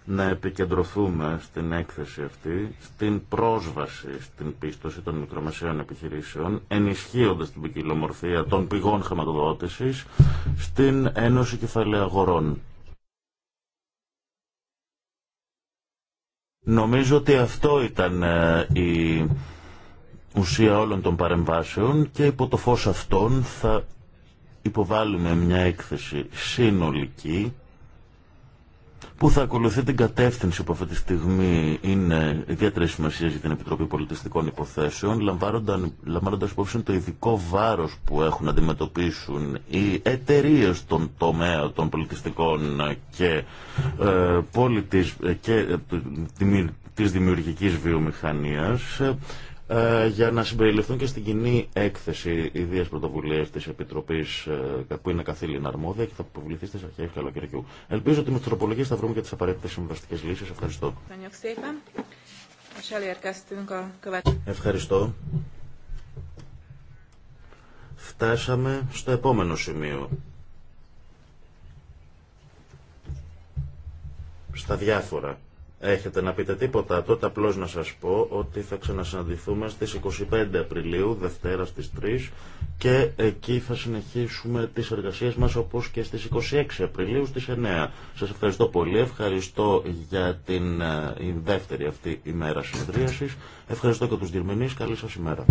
να επικεντρωθούμε στην έκθεση αυτή, στην πρόσβαση στην πίστοση των μικρομεσαίων επιχειρήσεων, ενισχύοντας την ποικιλομορφία των πηγών χρηματοδότησης στην Ένωση Κεφαλαίου Αγορών. Νομίζω ότι αυτό ήταν ε, η ουσία όλων των παρεμβάσεων και υπό το φως αυτών θα υποβάλουμε μια έκθεση συνολική που θα ακολουθεί την κατεύθυνση που αυτή τη στιγμή είναι ιδιαίτερη σημασία για την Επιτροπή Πολιτιστικών Υποθέσεων, λαμβάνοντας υπόψη το ειδικό βάρος που έχουν να αντιμετωπίσουν οι εταιρείε των τομέα των πολιτιστικών και, ε, πολιτισ, και ε, ε, για να συμπεριληφθούν και στην κοινή έκθεση ιδέε πρωτοβουλία τη Επιτροπή ε, που είναι καθήλυνα αρμόδια και θα αποβληθεί στι αρχέ καλοκαιριού. Ελπίζω ότι με του τροπολογίε θα βρούμε και τι απαραίτητε συμβαστικέ λύσει. Ευχαριστώ. Ευχαριστώ. Φτάσαμε στο επόμενο σημείο. Στα διάφορα έχετε να πείτε τίποτα, τότε απλώς να σας πω ότι θα ξανασυναντηθούμε στις 25 Απριλίου, Δευτέρα στις 3 και εκεί θα συνεχίσουμε τις εργασίες μας όπως και στις 26 Απριλίου στις 9. Σας ευχαριστώ πολύ, ευχαριστώ για την ε, η δεύτερη αυτή ημέρα συνεδρίασης, ευχαριστώ και τους διερμηνείς, καλή σας ημέρα.